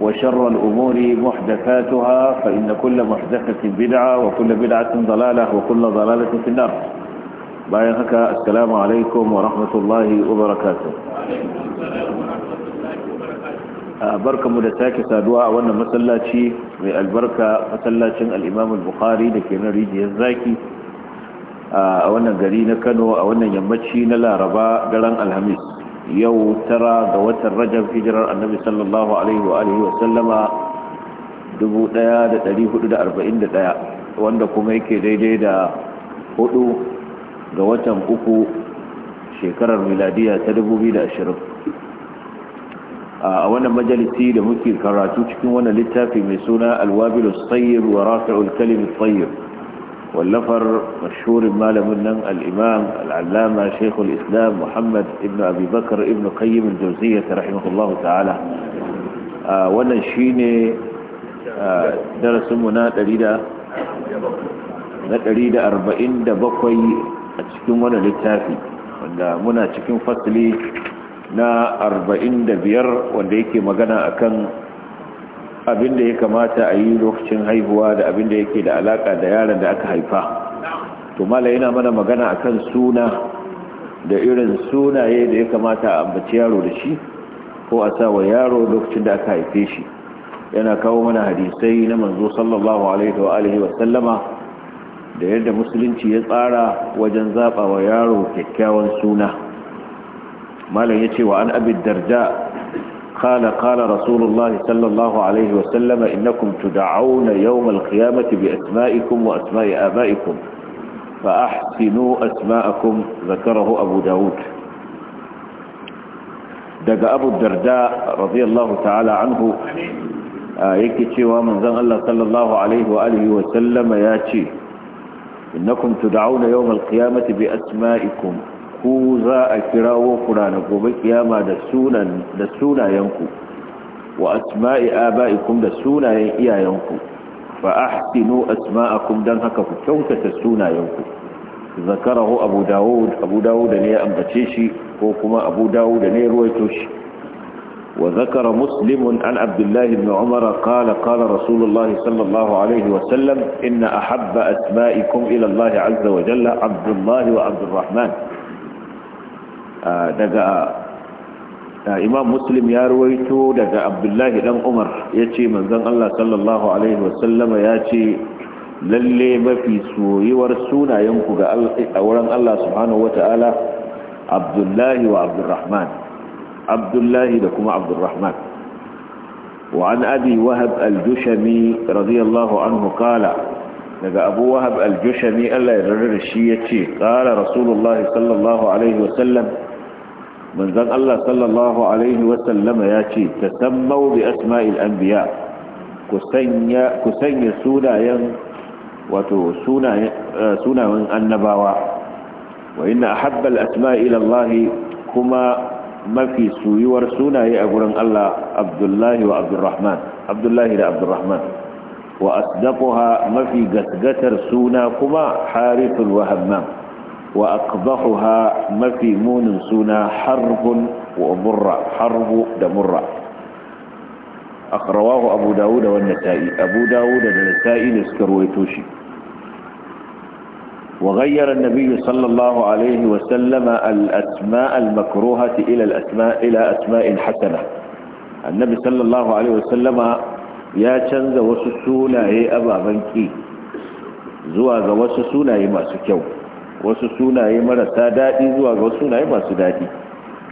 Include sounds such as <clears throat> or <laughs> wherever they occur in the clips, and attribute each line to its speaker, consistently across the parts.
Speaker 1: وشر الأمور محدثاتها فإن كل محدثة بدعة وكل بدعة ضلالة وكل ضلالة في النار بايهك السلام عليكم ورحمة الله وبركاته بركة مدتاك سادواء وانا مسلاتي البركة مسلاتي الإمام البخاري لكي نريد الزاكي وانا قرينا كانوا وانا يمتشي نلا رباء قلن الهميس yau tara ga watan rajab hijirar annabi sallallahu alaihi wa alihi wa sallama 1441 wanda kuma yake daidai da hudu ga watan uku shekarar miladiya ta 2020 a wannan majalisi da muke karatu cikin wannan littafi mai suna alwabilu tsayyir wa rafi'ul kalimin tsayyir واللفر مشهور مالم النم الإمام العلامة شيخ الإسلام محمد ابن أبي بكر ابن قيم الجوزية رحمه الله تعالى آه وانا شيني آه درس منا تريد تريد أربعين دبقوي أتكلم وانا للتافي وانا منا تكلم فصلي na 45 wanda yake magana akan abin da ya kamata a yi lokacin haihuwa da abin da yake da alaka da yaran da aka haifa to mala yana mana magana akan suna da irin sunaye da ya kamata a ambaci yaro da shi ko a sa wa yaro lokacin da aka haife shi yana kawo mana hadisai na manzo sallallahu alaihi wa alihi wa sallama da yadda musulunci ya tsara wajen zaba wa yaro kyakkyawan suna malam yace wa an abi darja. قال قال رسول الله صلى الله عليه وسلم إنكم تدعون يوم القيامة بأسمائكم وأسماء آبائكم فأحسنوا أسماءكم ذكره أبو داود دق أبو الدرداء رضي الله تعالى عنه آه، يكتشي ومن ذن الله صلى الله عليه وآله وسلم ياتي إنكم تدعون يوم القيامة بأسمائكم ku za a kirawo ku ranar gobe kiyama da sunayenku wa asma'i aba'ikum da sunayen iyayenku ba fa ahsinu asma'akum dan haka ku kyautata sunayenku zakara zakarahu abu dawud abu dawud ne ya ambace shi ko kuma abu dawud ne ya ruwaito shi wa zakara muslimun an abdullahi bin umar qala qala rasulullahi sallallahu alaihi wa sallam inna ahabba asma'ikum ila allah azza wa jalla abdullahi wa abdurrahman daga imam muslim ya ruwaito daga abdullahi dan umar ya ce manzon allah sallallahu alaihi wasallama ya ce lalle mafi soyuwar sunayenku ga a wurin allah subhanahu ta'ala abdullahi wa abdurrahman abdullahi da kuma abdurrahman وعن أبي وهب الجشمي رضي الله عنه قال لقى أبو وهب الجشمي ألا يرر الشيء قال رسول الله صلى الله عليه وسلم manzon Allah sallallahu alaihi wasallama ya ce tasammau bi asma'il anbiya ku sanya ku eh, sunayen annabawa wa inna ahabba asma ila kuma mafi suyuwar sunaye a gurin Allah Abdullahi wa da Abdurrahman wa asdaquha mafi gasgatar suna kuma harithul wahamma. wa aqdahuha mafi munin suna harbun wa murra harbu da murra aqrawahu abu abu dawud da nasai ne suka ruwaito shi wa ghayyara an-nabiy sallallahu alayhi wa ila al hasana annabi sallallahu ya canza wasu sunaye ababen ki zuwa ga wasu sunaye masu kyau wasu sunaye marasa daɗi zuwa ga sunaye masu daɗi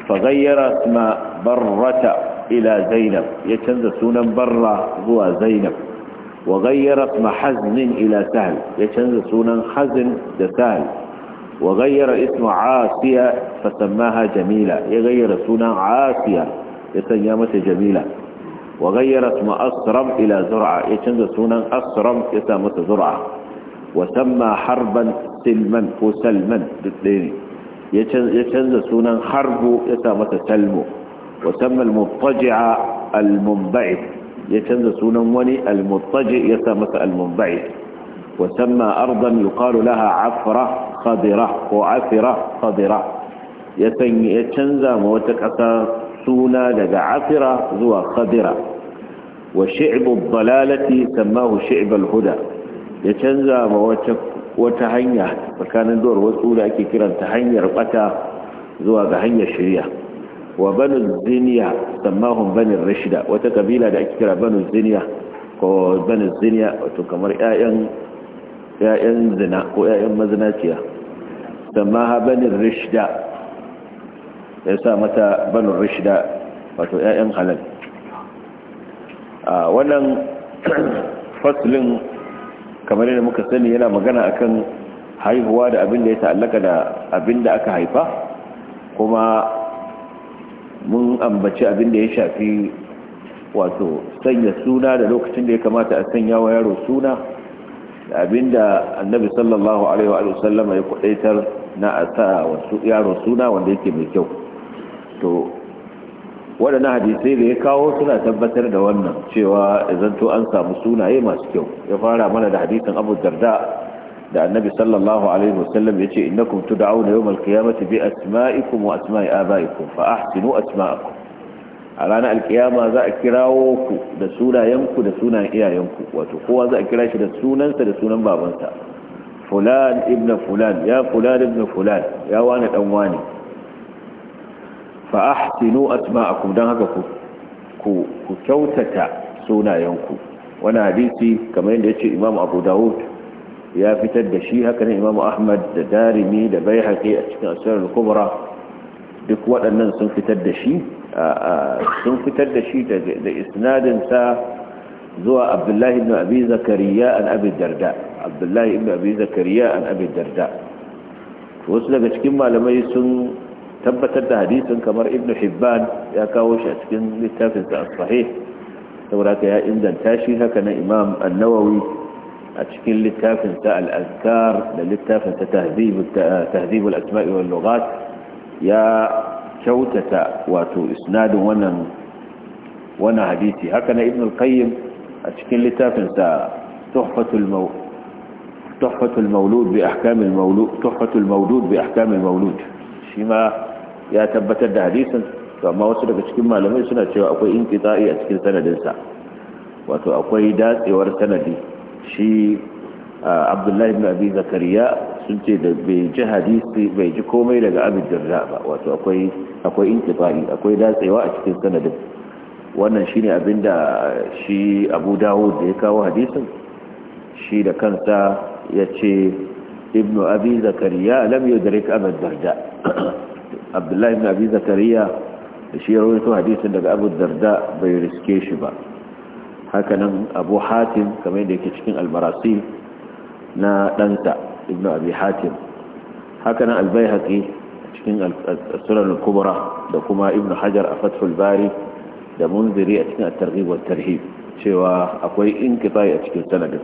Speaker 1: faghayyara suna barrata ila zainab ya canza sunan barra zuwa zainab wa ghayyara haznin ila sahal. ya canza sunan hazin da sahal. wa ghayyara isma asiya fa jamila ya ghayyara sunan asiya ya sanya mata jamila wa ghayyara asram ila zur'a ya canza sunan asram ya sa mata zur'a وسمى حربا سلما وسلما للدين يتنزى سونا حرب يسامة سلم وسمى المضطجع المنبعث يتنزى سونا وني المضطجع يسامة المنبعث وسمى أرضا يقال لها عفرة خضرة وعفرة خضرة يتنزى موتكة سونا لدى عفرة ذو خضرة وشعب الضلالة سماه شعب الهدى ya canza ma wata hanya tsakanin duwar wasu da ake kiranta hanyar bata zuwa ga hanyar shirya wa banu ziniya sammahun banin rashida wata kabila da ake kira banu ziniya ko banu ziniya wato kamar 'ya'yan zina ko 'ya'yan mazinaciya sammaha banin rashida ya sa mata banin rashida wato 'ya'yan halal a wannan <clears throat> faslin kamar yadda muka sani yana magana akan haihuwa da abin da ya ta'allaka da abin da aka haifa kuma mun ambaci abin da ya shafi wato sanya suna da lokacin da ya kamata a sanya wa yaro suna da abin da annabi sallallahu alaihi wa ya kudaitar na a sa yaro suna wanda yake mai kyau to waɗannan hadisai da ya kawo suna tabbatar da wannan cewa zanto an samu sunaye masu kyau ya fara mana da hadisin abu darda da annabi sallallahu alaihi wasallam ya ce innakum tud'auna yawmal qiyamati bi asma'ikum wa asma'i abaikum fa ahsinu asma'akum a ranar alkiyama za a kirawo ku da sunayenku da sunayen iyayenku wato kowa za a kira shi da sunansa da sunan babansa fulan ibn fulan ya fulan ibn fulan ya wani dan wani fa ahsinu asma'akum dan haka ku ku ku kyautata sunayenku wani hadisi kamar yadda yace Imam Abu Dawud ya fitar da shi haka ne Imam Ahmad da Darimi da Baihaqi a cikin Asrar al-Kubra duk waɗannan sun fitar da shi sun fitar da shi da isnadin sa zuwa Abdullahi ibn Abi Zakariya an Abi Darda Abdullahi ibn Abi Zakariya an Abi Darda wasu daga cikin malamai sun tabbatar da hadisin kamar ibn hibban ya kawo shi a cikin littafin a sahih sauraka ya inganta shi haka na imam an-nawawi a cikin littafin al-azkar da littafin littafinsa al asma'i wal lughat ya kyautata wato isnadin wannan wannan hadisi haka na ibn al-qayyim a cikin littafin littafinsa tuhfatul mawlud تحفة المولود بأحكام المولود تحفة المولود بأحكام المولود شما ya tabbatar da hadisin to amma wasu daga cikin malamai suna cewa akwai inqita'i a cikin sanadinsa wato akwai datsewar sanadi shi Abdullahi ibn Abi Zakariya sun ce da bai ji hadisi bai ji komai daga Abi Durra ba wato akwai akwai inqita'i akwai datsewa a cikin sanadin wannan shine abinda shi Abu Dawud da ya kawo hadisin shi da kansa yace ibnu abi zakariya lam yudrik Abu darda abdullahi ibn abi zakariya da shi rawaito hadisin daga abu darda bai riske shi ba hakanan abu hatim kamar yadda yake cikin almarasi na danta ibn abi hatim hakanan albayhaqi cikin sunan al-kubra da kuma ibn hajar a fathul bari da munziri a cikin targhib wat-tarhib cewa akwai inkifai a cikin sanadin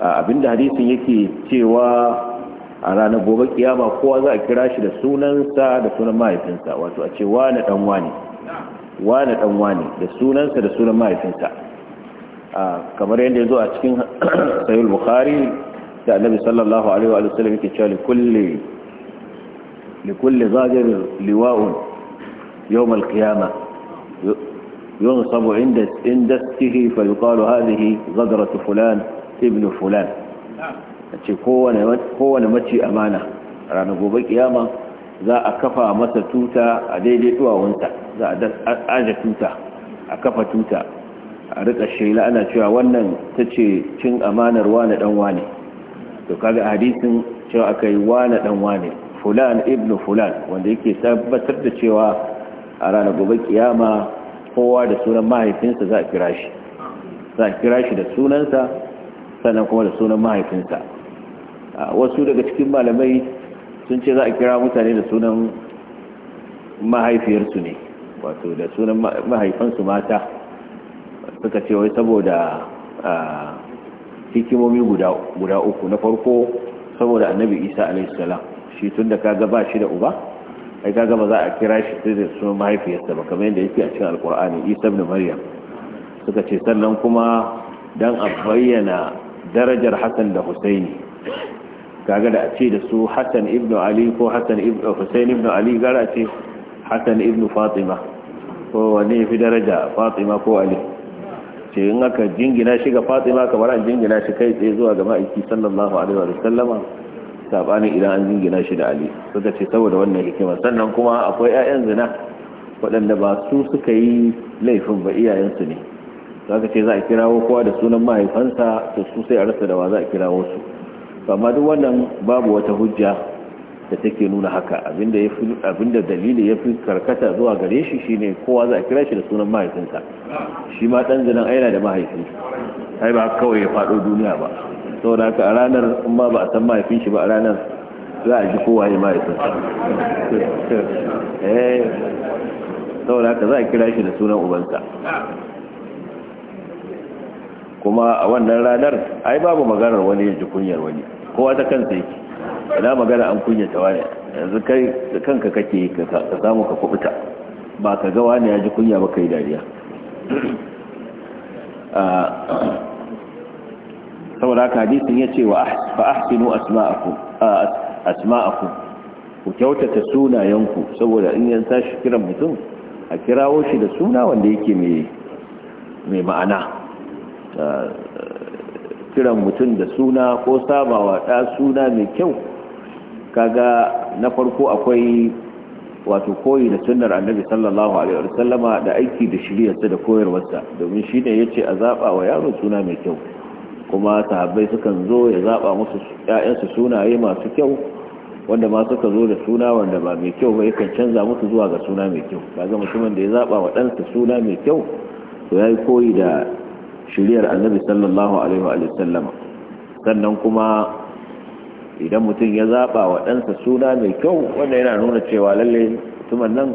Speaker 1: abinda hadisin yake cewa a ranar gobe kiyama kowa za a kira shi da sunansa da sunan mahaifinsa wato a ce wane dan wane wane dan wane da sunansa da sunan mahaifinsa kamar yadda ya zo a cikin <clears throat> sayul bukhari da annabi sallallahu alaihi wa sallam yake cewa likulli likulli zagir liwa'un yawm al-qiyamah ينصب عند عند استه فيقال هذه غدرة فلان ابن فلان a ce kowane mace amana ranar gobe kiyama za a kafa masa tuta a daidai duwawunta za a aje tuta a kafa tuta a rika shaila ana cewa wannan ta ce cin amanar wane dan wane to kaga hadisin cewa aka yi wane dan wane fulan ibn fulan wanda yake tabbatar da cewa a ranar gobe kiyama kowa da sunan mahaifinsa za a kira shi da sunansa sannan kuma da sunan mahaifinsa wasu daga cikin malamai sun ce za a kira mutane da sunan mahaifiyarsu ne wato da sunan mahaifansu mata suka ce wai saboda hikimomi guda uku na farko saboda annabi isa alaihissalam shi tun da kaga ba shi da uba ai kaga ba za a kira shi da sunan mahaifiyarsa ba kamar yadda yake a cikin alkur'ani isa ibn maryam suka ce sannan kuma dan a bayyana darajar hasan da husaini kaga da a ce da su hassan ibn ali ko hassan ibn hussein ibn ali gara ce hassan ibn fatima ko wani ya fi daraja fatima ko ali ce in aka jingina shi ga fatima kamar an jingina shi kai tsaye zuwa ga ma'aiki sallallahu alaihi wa sallama sabanin idan an jingina shi da ali suka ce saboda wannan hikima sannan kuma akwai 'ya'yan zina waɗanda ba su suka yi laifin ba iyayensu ne za ka ce za a kirawo kowa da sunan mahaifansa to su sai a rasa da wa za a kirawo su amma duk wannan babu wata hujja da take nuna haka abinda ya fi abinda dalili ya fi karkata zuwa gare shi shine kowa za a kira shi da sunan mahaifinsa shi ma dan zinan aina da mahaifi sai ba kawai ya fado duniya ba saboda haka a ranar in ba ba a san mahaifin shi ba a ranar za a ji kowa ya mahaifinsa eh saboda haka za a kira shi da sunan ubansa kuma a wannan ranar ai babu maganar wani ya ji kunyar wani kowa ta kansa yake ina magana an ta wani yanzu kai da kanka kake ka samu ka kubuta ba ka ga wani ya ji kunya ba kai dariya ah, saboda haka hadisin ya ce wa ah, fa'ahsinu ah, asma'akum ku kyautata sunayenku saboda in yan tashi kiran mutum a kirawo shi da suna wanda yake mai ma'ana kiran mutum da suna ko sabawa ɗa suna mai kyau kaga na farko akwai wato koyi da sunnar annabi sallallahu alaihi wa sallama da aiki da shiriyarsa da koyarwarsa domin shi ne ya ce a zaɓa wa yaro suna mai kyau kuma sahabbai sukan zo ya zaɓa musu ‘ya'yansu sunaye masu kyau wanda ma suka zo da suna wanda ba mai kyau ba yakan canza musu zuwa ga suna mai kyau kaga mutumin da ya zaɓa wa ɗansa suna mai kyau to ya yi koyi da shiriyar annabi sallallahu alaihi wa sallama sannan kuma idan mutum ya zaba wa ɗansa suna mai kyau wanda yana nuna cewa lalle mutumin nan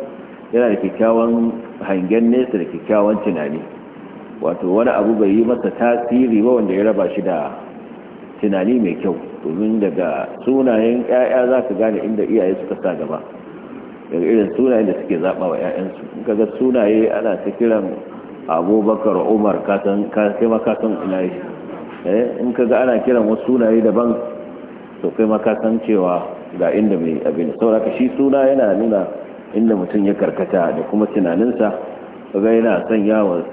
Speaker 1: yana da kyakkyawan hangen nesa da kyakkyawan tunani wato wani abu bai yi masa tasiri ba wanda ya raba shi da tunani mai kyau domin daga sunayen 'ya'ya za ka gane inda iyaye suka sa gaba daga irin sunayen da suke zaɓa wa 'ya'yansu in ga sunaye ana ta kiran abubakar umar kai ma kasan ina yi eh ana kiran wasu sunaye daban to kai ma cewa ga inda mai abin sauraka shi suna yana nuna inda mutum ya karkata da kuma tunaninsa ga yana son yawa eh,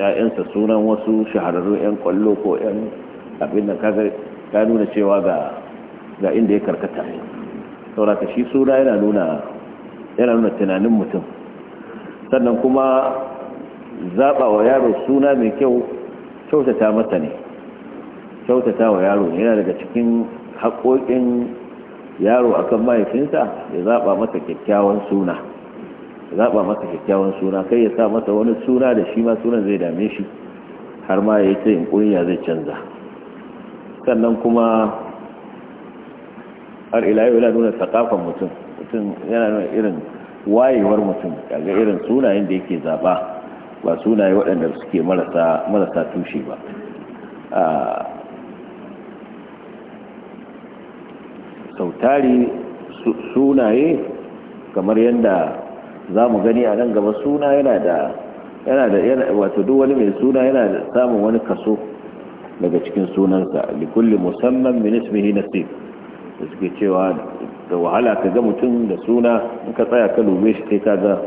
Speaker 1: ya'yansa sunan wasu shahararru yan kwallo ko yan abin da kaga ka nuna cewa ga ga inda ya karkata sauraka shi suna yana nuna tunanin mutum sannan kuma zaɓa wa yaro suna mai kyau kyautata mata ne kyautata wa yaro yana daga cikin haƙoƙin yaro akan mahaifinsa ya zaɓa mata kyakkyawan suna zaɓa mata kyakkyawan suna kai ya sa mata wani suna da shi ma sunan zai dame shi har ma ya yi ta kunya zai canza sannan kuma har ila yau yana nuna sakafan mutum mutum yana nuna irin wayewar mutum daga irin sunayen da yake zaɓa ba sunaye waɗanda suke marasa tushe ba sautari sunaye kamar yadda za mu gani a nan gaba suna yana da yana da wato duk wani mai suna yana da samun wani kaso daga cikin sunansa likulli musamman min ismihi da suke cewa da wahala ka ga mutum da suna in ka tsaya ka lube shi sai ka ga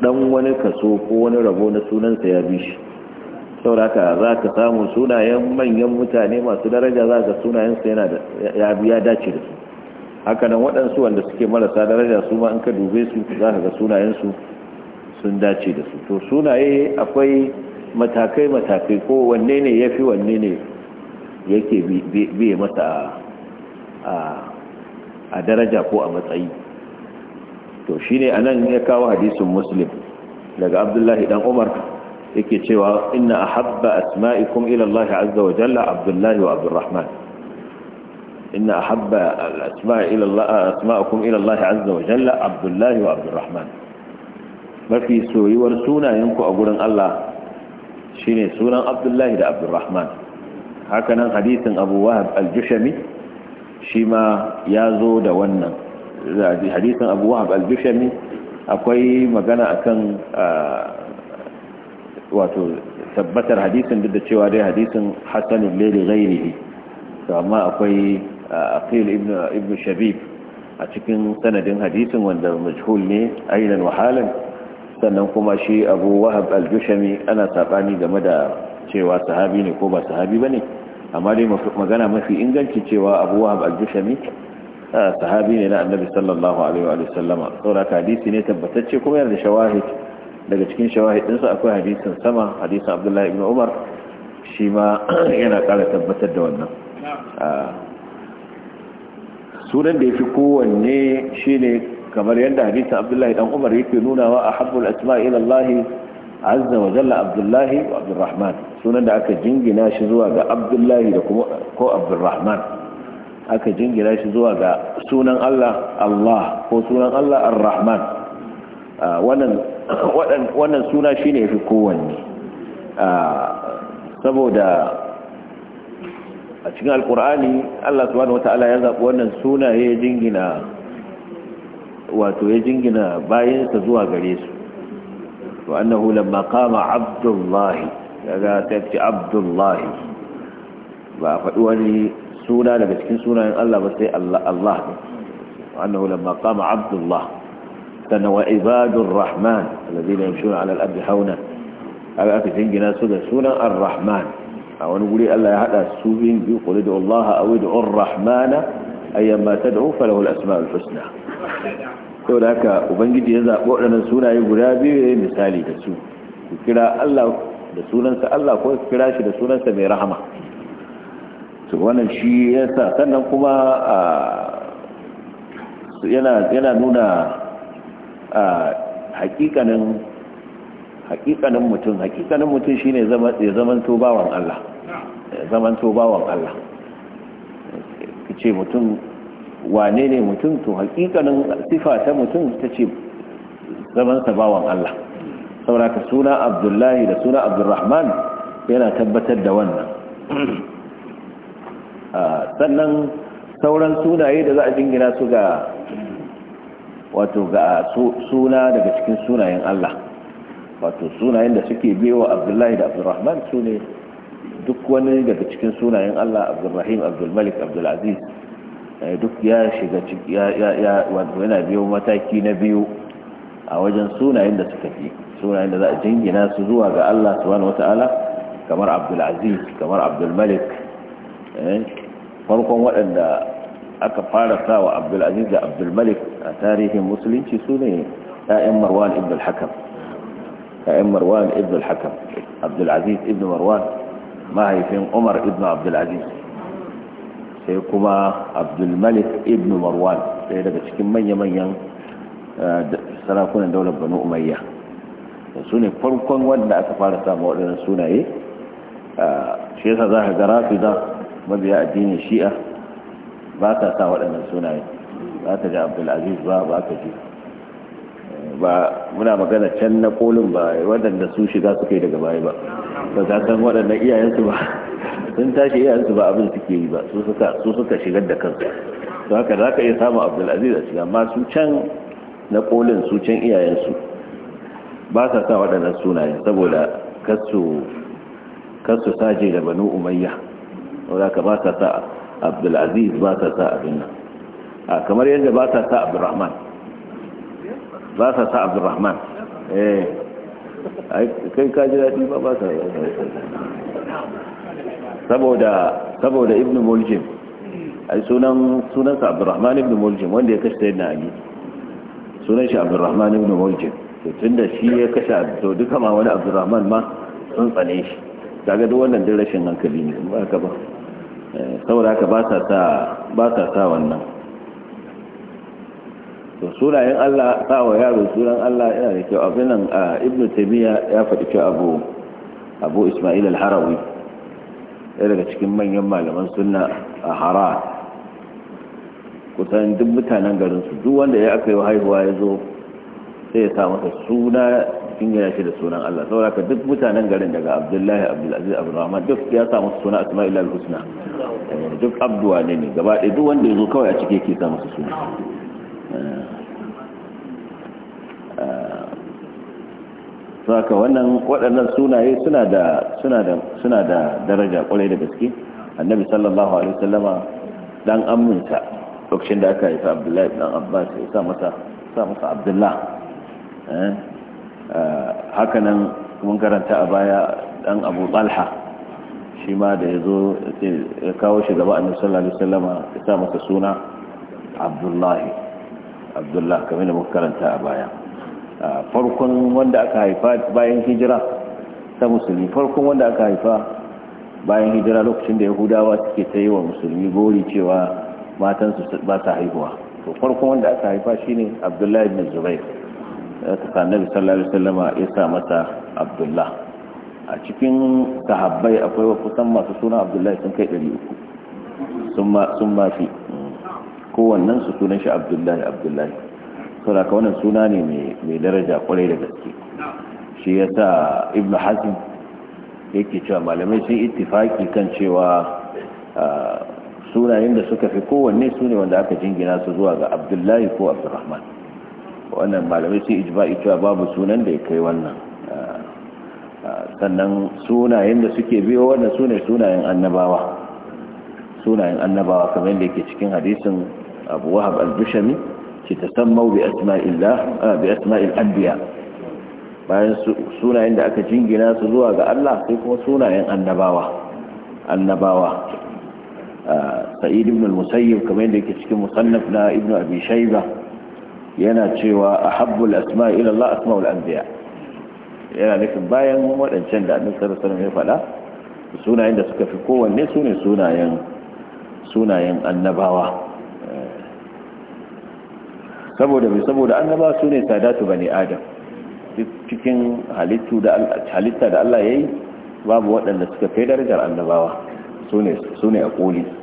Speaker 1: dan wani kaso ko wani rabo na sunansa ya bi shi sauraka za ka samu sunayen manyan mutane masu daraja za ka sunayensa yana bi ya dace da su haka nan waɗansu wanda suke marasa daraja su ma in ka dube su za ka ga sunayensu sun dace da su to sunaye akwai matakai matakai ko wanne ne ya fi wanne ne yake biye masa a daraja ko a matsayi to a nan ya kawo hadisin muslim daga abdullahi dan umar yake cewa inna ahabba asma'ikum ila Allah azza wa jalla abdullahi wa abdurrahman ina a al-asma'i ila Allah asma'ukum ila Allah azza wa jalla abdullahi wa abdurrahman mafi soyuwar sunayenku a gurin Allah shine sunan abdullahi da abdurrahman hakanan hadisin abu aljushami shi ma ya zo da wannan Hadisan abu wahab al-bishami akwai magana akan wato tabbatar hadisan duk da cewa dai hadisin hasanul lili ghairihi to amma akwai aqil ibn ibn shabib a cikin sanadin hadisin wanda majhul ne ainan wahalar sannan kuma shi abu wahab al bishami ana sabani game da cewa sahabi ne ko ba sahabi bane amma dai magana mafi inganci cewa abu wahab al sahabi ne na annabi sallallahu alaihi wa sallama saboda hadisi ne tabbatacce kuma yana da shawahid daga cikin su akwai hadisin sama hadisin abdullahi ibn umar shi ma <clears throat> yana kara tabbatar da wannan sunan da ya fi kowanne shi ne kamar yadda hadisin abdullahi dan umar yake nunawa a habbul asma ila allah azza wa jalla abdullahi wa abdurrahman sunan da aka jingina shi zuwa ga abdullahi da kuma ko abdurrahman aka jingira shi zuwa ga sunan Allah Allah ko sunan Allah Ar-Rahman ah, wannan suna shi ne fi kowanne ah, saboda a cikin alkur'ani Allah subhanahu wata'ala ya zaɓi wannan suna ya jingina wato ya jingina bayansa zuwa gare su to annahu lamma qama abdullahi kaga ta ce abdullahi ba faɗi wani suna daga cikin sunayen Allah ba sai Allah Allah ne annahu lamma qama abdullah sana wa ibadur rahman alladhina yamshuna ala al hauna aka aka jingina su da sunan ar-rahman a wani guri Allah ya hada su biyun biyu qul da Allah aw da ar-rahmana ayyama tad'u falahu al-asma'ul husna to da haka ubangiji ya zabo wadannan sunaye guda biyu misali da su ku kira Allah da sunansa Allah ko kira shi da sunansa mai rahama to wannan shi ya yasa sannan kuma yana nuna hakikanin hakikanin mutum hakikanin mutum shi ne ya zama bawan Allah ya zama bawan Allah kace mutum wane ne mutum to hakikanin sifa ta mutum ce zaman tobawan bawan Allah sauraka suna Abdullahi da suna Abdurrahman yana tabbatar da wannan Ah, sannan sauran sunaye da za a jingina su ga wato ga suna daga cikin sunayen Allah wato sunayen da suke biyo Abdullahi da Abdulrahman su ne duk wani daga cikin sunayen Allah Abdulrahim Abdulmalik Abdulaziz eh, duk ya shiga wato yana biyo mataki na biyu a wajen sunayen da suka fi sunayen da za a jingina su zuwa ga Allah subhanahu wata'ala kamar Abdulaziz kamar Abdulmalik eh, farkon waɗanda aka fara sawa abdulaziz da abdulmalik a tarihin musulunci su ne ‘ya'yan marwan ibn al-hakam ‘ya'yan marwan ibn al-hakam abdulaziz ibn marwan mahaifin umar ibn abdulaziz sai kuma abdulmalik ibn marwan ɗaya daga cikin manya-manyan eh, sarakunan daular banu umayya su ne farkon wanda aka fara samu waɗannan sunaye eh, shi yasa za ka ga rafi mabiya addinin shi'a ba ka sa waɗannan sunaye ba ta ji abdulaziz ba ba ka ji ba muna magana can na kolin ba waɗanda su shiga suka yi daga baya ba ba za san waɗannan iyayensu ba sun tashi iyayensu ba abin suke yi ba su suka shigar da kansu su haka za ka iya samun abdulaziz a shiga amma su can na kolin su can iyayensu ba sa sa waɗannan sunaye saboda kasu kasu saje da banu umayya wadda ka ba ta sa abdulaziz ba ta sa abin nan a kamar yadda ba ta sa abdurrahman ba ta sa abdurrahman eh kai ka ji daɗi ba ba ta saboda saboda ibn muljim ai sunan sunansa abdurrahman ibn muljim wanda ya kashe ta sayyidina ali sunan shi abdurrahman ibn muljim tun da shi ya kashe to duka ma wani abdurrahman ma sun tsane shi kaga duk wannan din rashin hankali ne ba ka ba saboda haka ba sa sa wannan to sunayen Allah sa wa yaro sunan Allah yana da kyau abin nan ibnu tabiya ya faɗi cewa abu abu isma'il al-harawi ɗaya daga cikin manyan malaman sunna a hara kusan duk mutanen garin su duk wanda ya aka yi haihuwa ya zo sai ya sa masa suna ya shi da sunan Allah saboda duk mutanen garin daga Abdullahi abdul Abdurrahman duk ya sa masa suna Asma'il al-Husna duk abduwa ne ne gaba ɗaya duk wanda ya zo kawai a cike yake sa masa suna saka wannan waɗannan sunaye suna da suna da suna da daraja kwarai da gaske annabi sallallahu alaihi wasallama dan aminsa lokacin da aka yi sa Abdullahi dan Abbas ya sa masa sa masa abdullahi Eh? Eh, hakanan mun karanta a baya dan abu talha shi ma da ya zo ya kawo shi gaba annabi sallallahu alaihi wasallam ya sa masa suna abdullahi abdullahi kamar da muka karanta a baya eh, farkon wanda aka haifa bayan hijira ta musulmi farkon wanda aka haifa bayan hijira lokacin da yahudawa suke ta yi wa musulmi gori cewa matansu ba sa haihuwa to farkon wanda aka haifa shine abdullahi ibn zubair suka annabi sallallahu alaihi wasallam ya sa mata abdullah a cikin sahabbai akwai kusan masu suna abdullahi sun kai 300 sun ma fi wannan su sunan shi abdullahi abdullahi da ka wannan suna ne mai daraja kwarai da gaske shi ya sa ibn hazm yake cewa malamai sun ittifaki kan cewa sunayen da suka fi kowanne su ne wanda aka jingina su zuwa ga abdullahi ko abdurrahman wannan malamai sai ijma'i cewa babu sunan da ya kai wannan sannan sunayen da suke biyo wannan sune sunayen annabawa sunayen annabawa kamar yadda yake cikin hadisin abu wahab al-dushami ce tasammau bi asma'illah bi asma'il anbiya bayan sunayen da aka jingina su zuwa ga Allah sai kuma sunayen annabawa annabawa sa'id ibn al-musayyib kamar yadda yake cikin musannaf na ibn abi shayba yana cewa ahabbul asma ila Allah asmaul anbiya yana nufin bayan waɗancan da annin sallallahu alaihi mai ya faɗa sunayen da suka fi kowanne su ne sunayen annabawa saboda bai saboda annabawa datu sadatu ne adam cikin halittu da halitta da Allah yi babu waɗanda suka kai darajar annabawa su ne a ƙoli.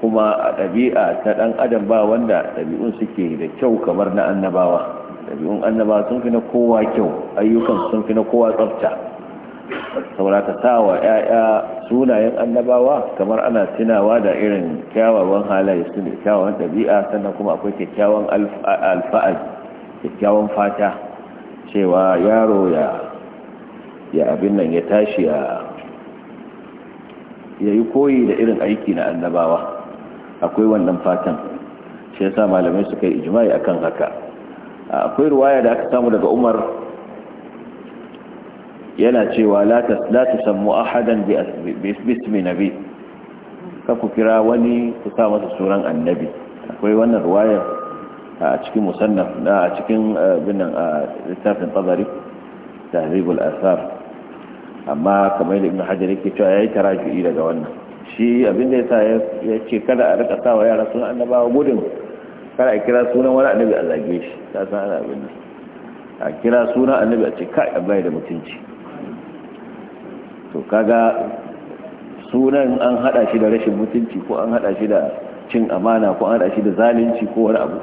Speaker 1: kuma a ɗabi'a ta ɗan adam ba wanda ɗabi'un suke da kyau kamar na annabawa ɗabi'un annabawa sun fi na kowa kyau ayyukan sun fi na kowa tsafta saboda ta wa 'ya'ya sunayen annabawa kamar ana tunawa da irin kyawawan halaye su ne kyawawan ɗabi'a sannan kuma akwai kyakkyawan alfa'ad kyakkyawan fata cewa yaro ya ya abin nan ya tashi ya yi koyi da irin aiki na annabawa akwai wannan fatan shi yasa malamai suka yi ijma'i akan haka akwai ruwaya da aka samu daga Umar yana cewa la tas la ahadan bi ismi nabi ka ku kira wani ku sa masa suran annabi akwai wannan ruwaya a cikin musannaf na a cikin binan littafin tazari tahribul asar amma kamar ibn hajar yake cewa yayi taraji'i daga wannan shi abin da yasa ya ce kada a rika sawa yara sunan annabawa gudun kada a kira sunan wani annabi a zage shi ta san ana abin a kira sunan annabi a ce kai abai da mutunci to kaga sunan an hada shi da rashin mutunci ko an hada shi da cin amana ko an hada shi da zalunci ko wani abu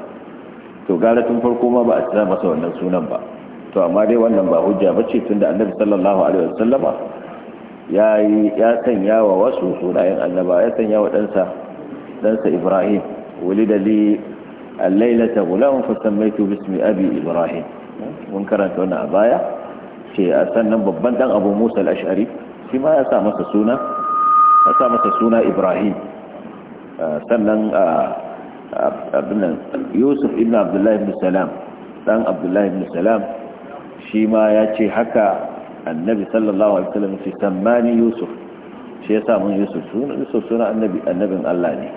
Speaker 1: to gara tun farko ma ba a tsaya masa wannan sunan ba to amma dai wannan ba hujja bace tunda annabi sallallahu alaihi wasallama ya sanyawa wa wasu sunayen annaba ya sanya wa ɗansa ibrahim wuli da li allaila ta gulam fusan mai tubis mai abi ibrahim mun karanta wani a baya ce a sannan babban ɗan abu musa al'ashari shi ya sa masa suna ibrahim sannan abinan yusuf ibn abdullahi ibn salam ɗan abdullahi ibn salam shi ma ya ce haka annabi sallallahu alaihi wasallam ce sammani yusuf shi ya sa mun yusuf suna yusuf suna annabi annabin Allah ne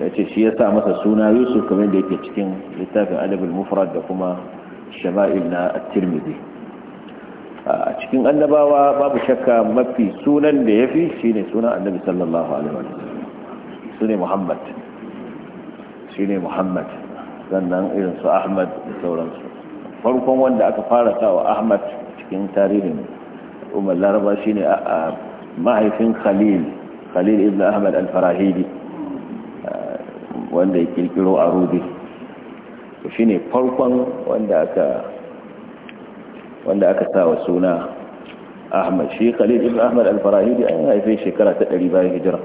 Speaker 1: ya ce shi ya sa masa suna yusuf kamar da yake cikin littafin adabul mufrad da kuma shama'il na at-tirmidhi a cikin annabawa babu shakka mafi sunan da yafi shine sunan annabi sallallahu alaihi wasallam sune muhammad shine muhammad sannan irin su ahmad da sauransu farkon wanda aka fara sawa ahmad cikin tarihin umar laraba shi ne a mahaifin khalil khalil ibn ahmad al-farahidi eh, wanda ya kirkiro a rudi shine farkon wanda aka sa wa suna ahmad shi khalil ibn ahmad al-farahidi an haife shekara ta 100 bayan hijira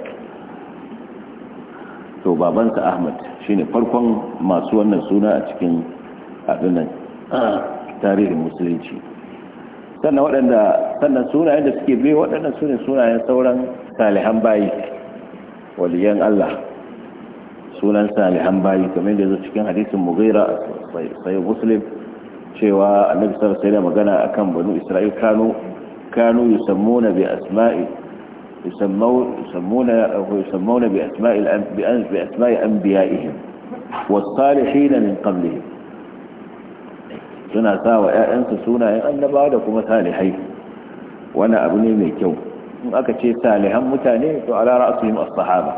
Speaker 1: to babansa ahmad shine farkon masu wannan suna a cikin abinan tarihin musulunci sannan waɗanda sannan sunayen da suke biyu waɗanda su ne sunayen sauran salihan bayi waliyan Allah sunan salihan bayi kamar da zo cikin hadisin mughira sai muslim cewa annabi sallallahu alaihi wasallam magana akan banu isra'il kanu kanu yusammuna bi asma'i yusammuna yusammuna bi asma'i bi asma'i anbiya'ihim was salihin min qablihim suna sa wa 'ya'yansu sunayen annaba da kuma salihai wani abu ne mai kyau in aka ce salihan mutane to ala ra'asihim as-sahaba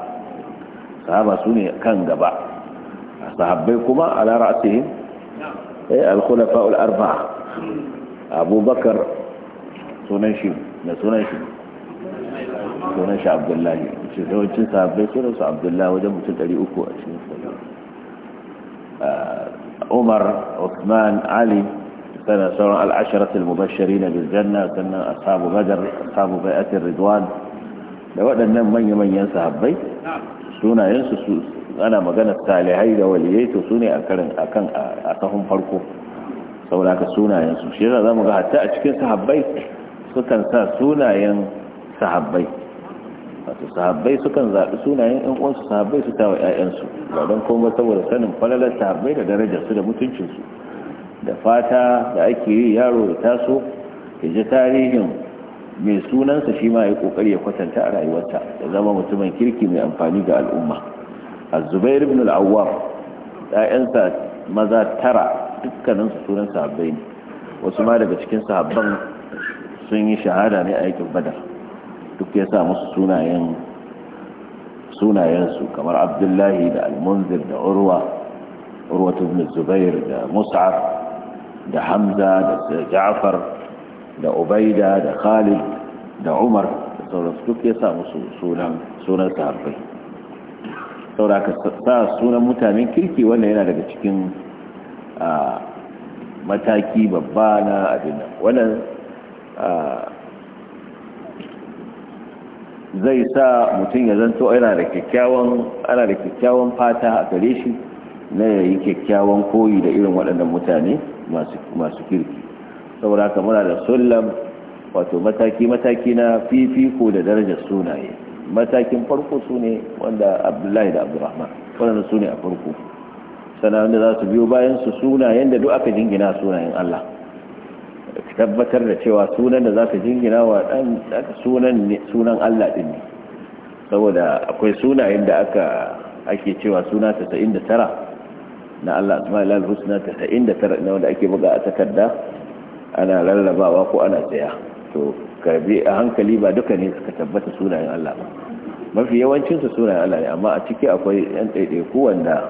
Speaker 1: sahaba sune kan gaba sahabbai kuma ala ra'asihim eh al-khulafa al-arba'a abubakar sunan shi da sunan shi sunan shi abdullahi shi yawancin sahabbai sunan su abdullahi wajen mutum 300 a cikin عمر عثمان علي كان سواء العشرة المبشرين بالجنة كان أصحاب بدر أصحاب بيئة الرضوان لو أن من من ينسى هبي نعم. سونا ينسى أنا ما كان التالي وليت سوني أكن أكن أتهم فرقه سواء سونا ينسى شيء هذا ما كان تأتش كان سهبي سونا ينسى هبي wato sahabbai sukan zaɓi sunayen ɗan uwansu sahabbai su tawa ƴaƴansu ba don komai saboda sanin falalar sahabbai da su da mutuncinsu da fata da ake yi yaro da taso ya ji tarihin mai sunansa shi ma ya ƙoƙari ya kwatanta a rayuwarta ya zama mutumin kirki mai amfani ga al'umma a zubair ibn al'awwar ya'yansa maza tara dukkanin su sunan sahabbai ne wasu ma daga cikin sahabban sun yi shahada ne a aikin badar duk ya sa musu sunayen sunayensu kamar abdullahi da almunzir da urwa urwatu zubair da Musa da hamza da ja'far da ubaida da khalid da umar da sauransu duk ya sa musu sunan sunan sahabbai sauraka sa sunan mutanen kirki wannan yana daga cikin ah, mataki babba na abin wannan ah, zai sa mutum ya zanto da kyakkyawan ana da kyakkyawan fata a gare shi na yayi kyakkyawan koyi da irin waɗannan mutane masu kirki saboda haka muna da sullam wato mataki mataki na fifiko da darajar sunaye matakin farko su ne wanda abdullahi da abdurrahman waɗanda su ne a farko sannan da za su biyo bayan su sunayen da duk aka jingina sunayen allah tabbatar da cewa sunan da zaka jingina wa ɗan sunan sunan Allah ɗin ne saboda akwai sunayen da aka ake cewa suna da tara na Allah asma'ul husna tara na wanda ake buga a takarda ana lallabawa ko ana tsaya to karbi a hankali ba duka ne suka tabbata sunayen Allah ba mafi yawancin su sunayen Allah ne amma a ciki akwai yan ɗaiɗaiku wanda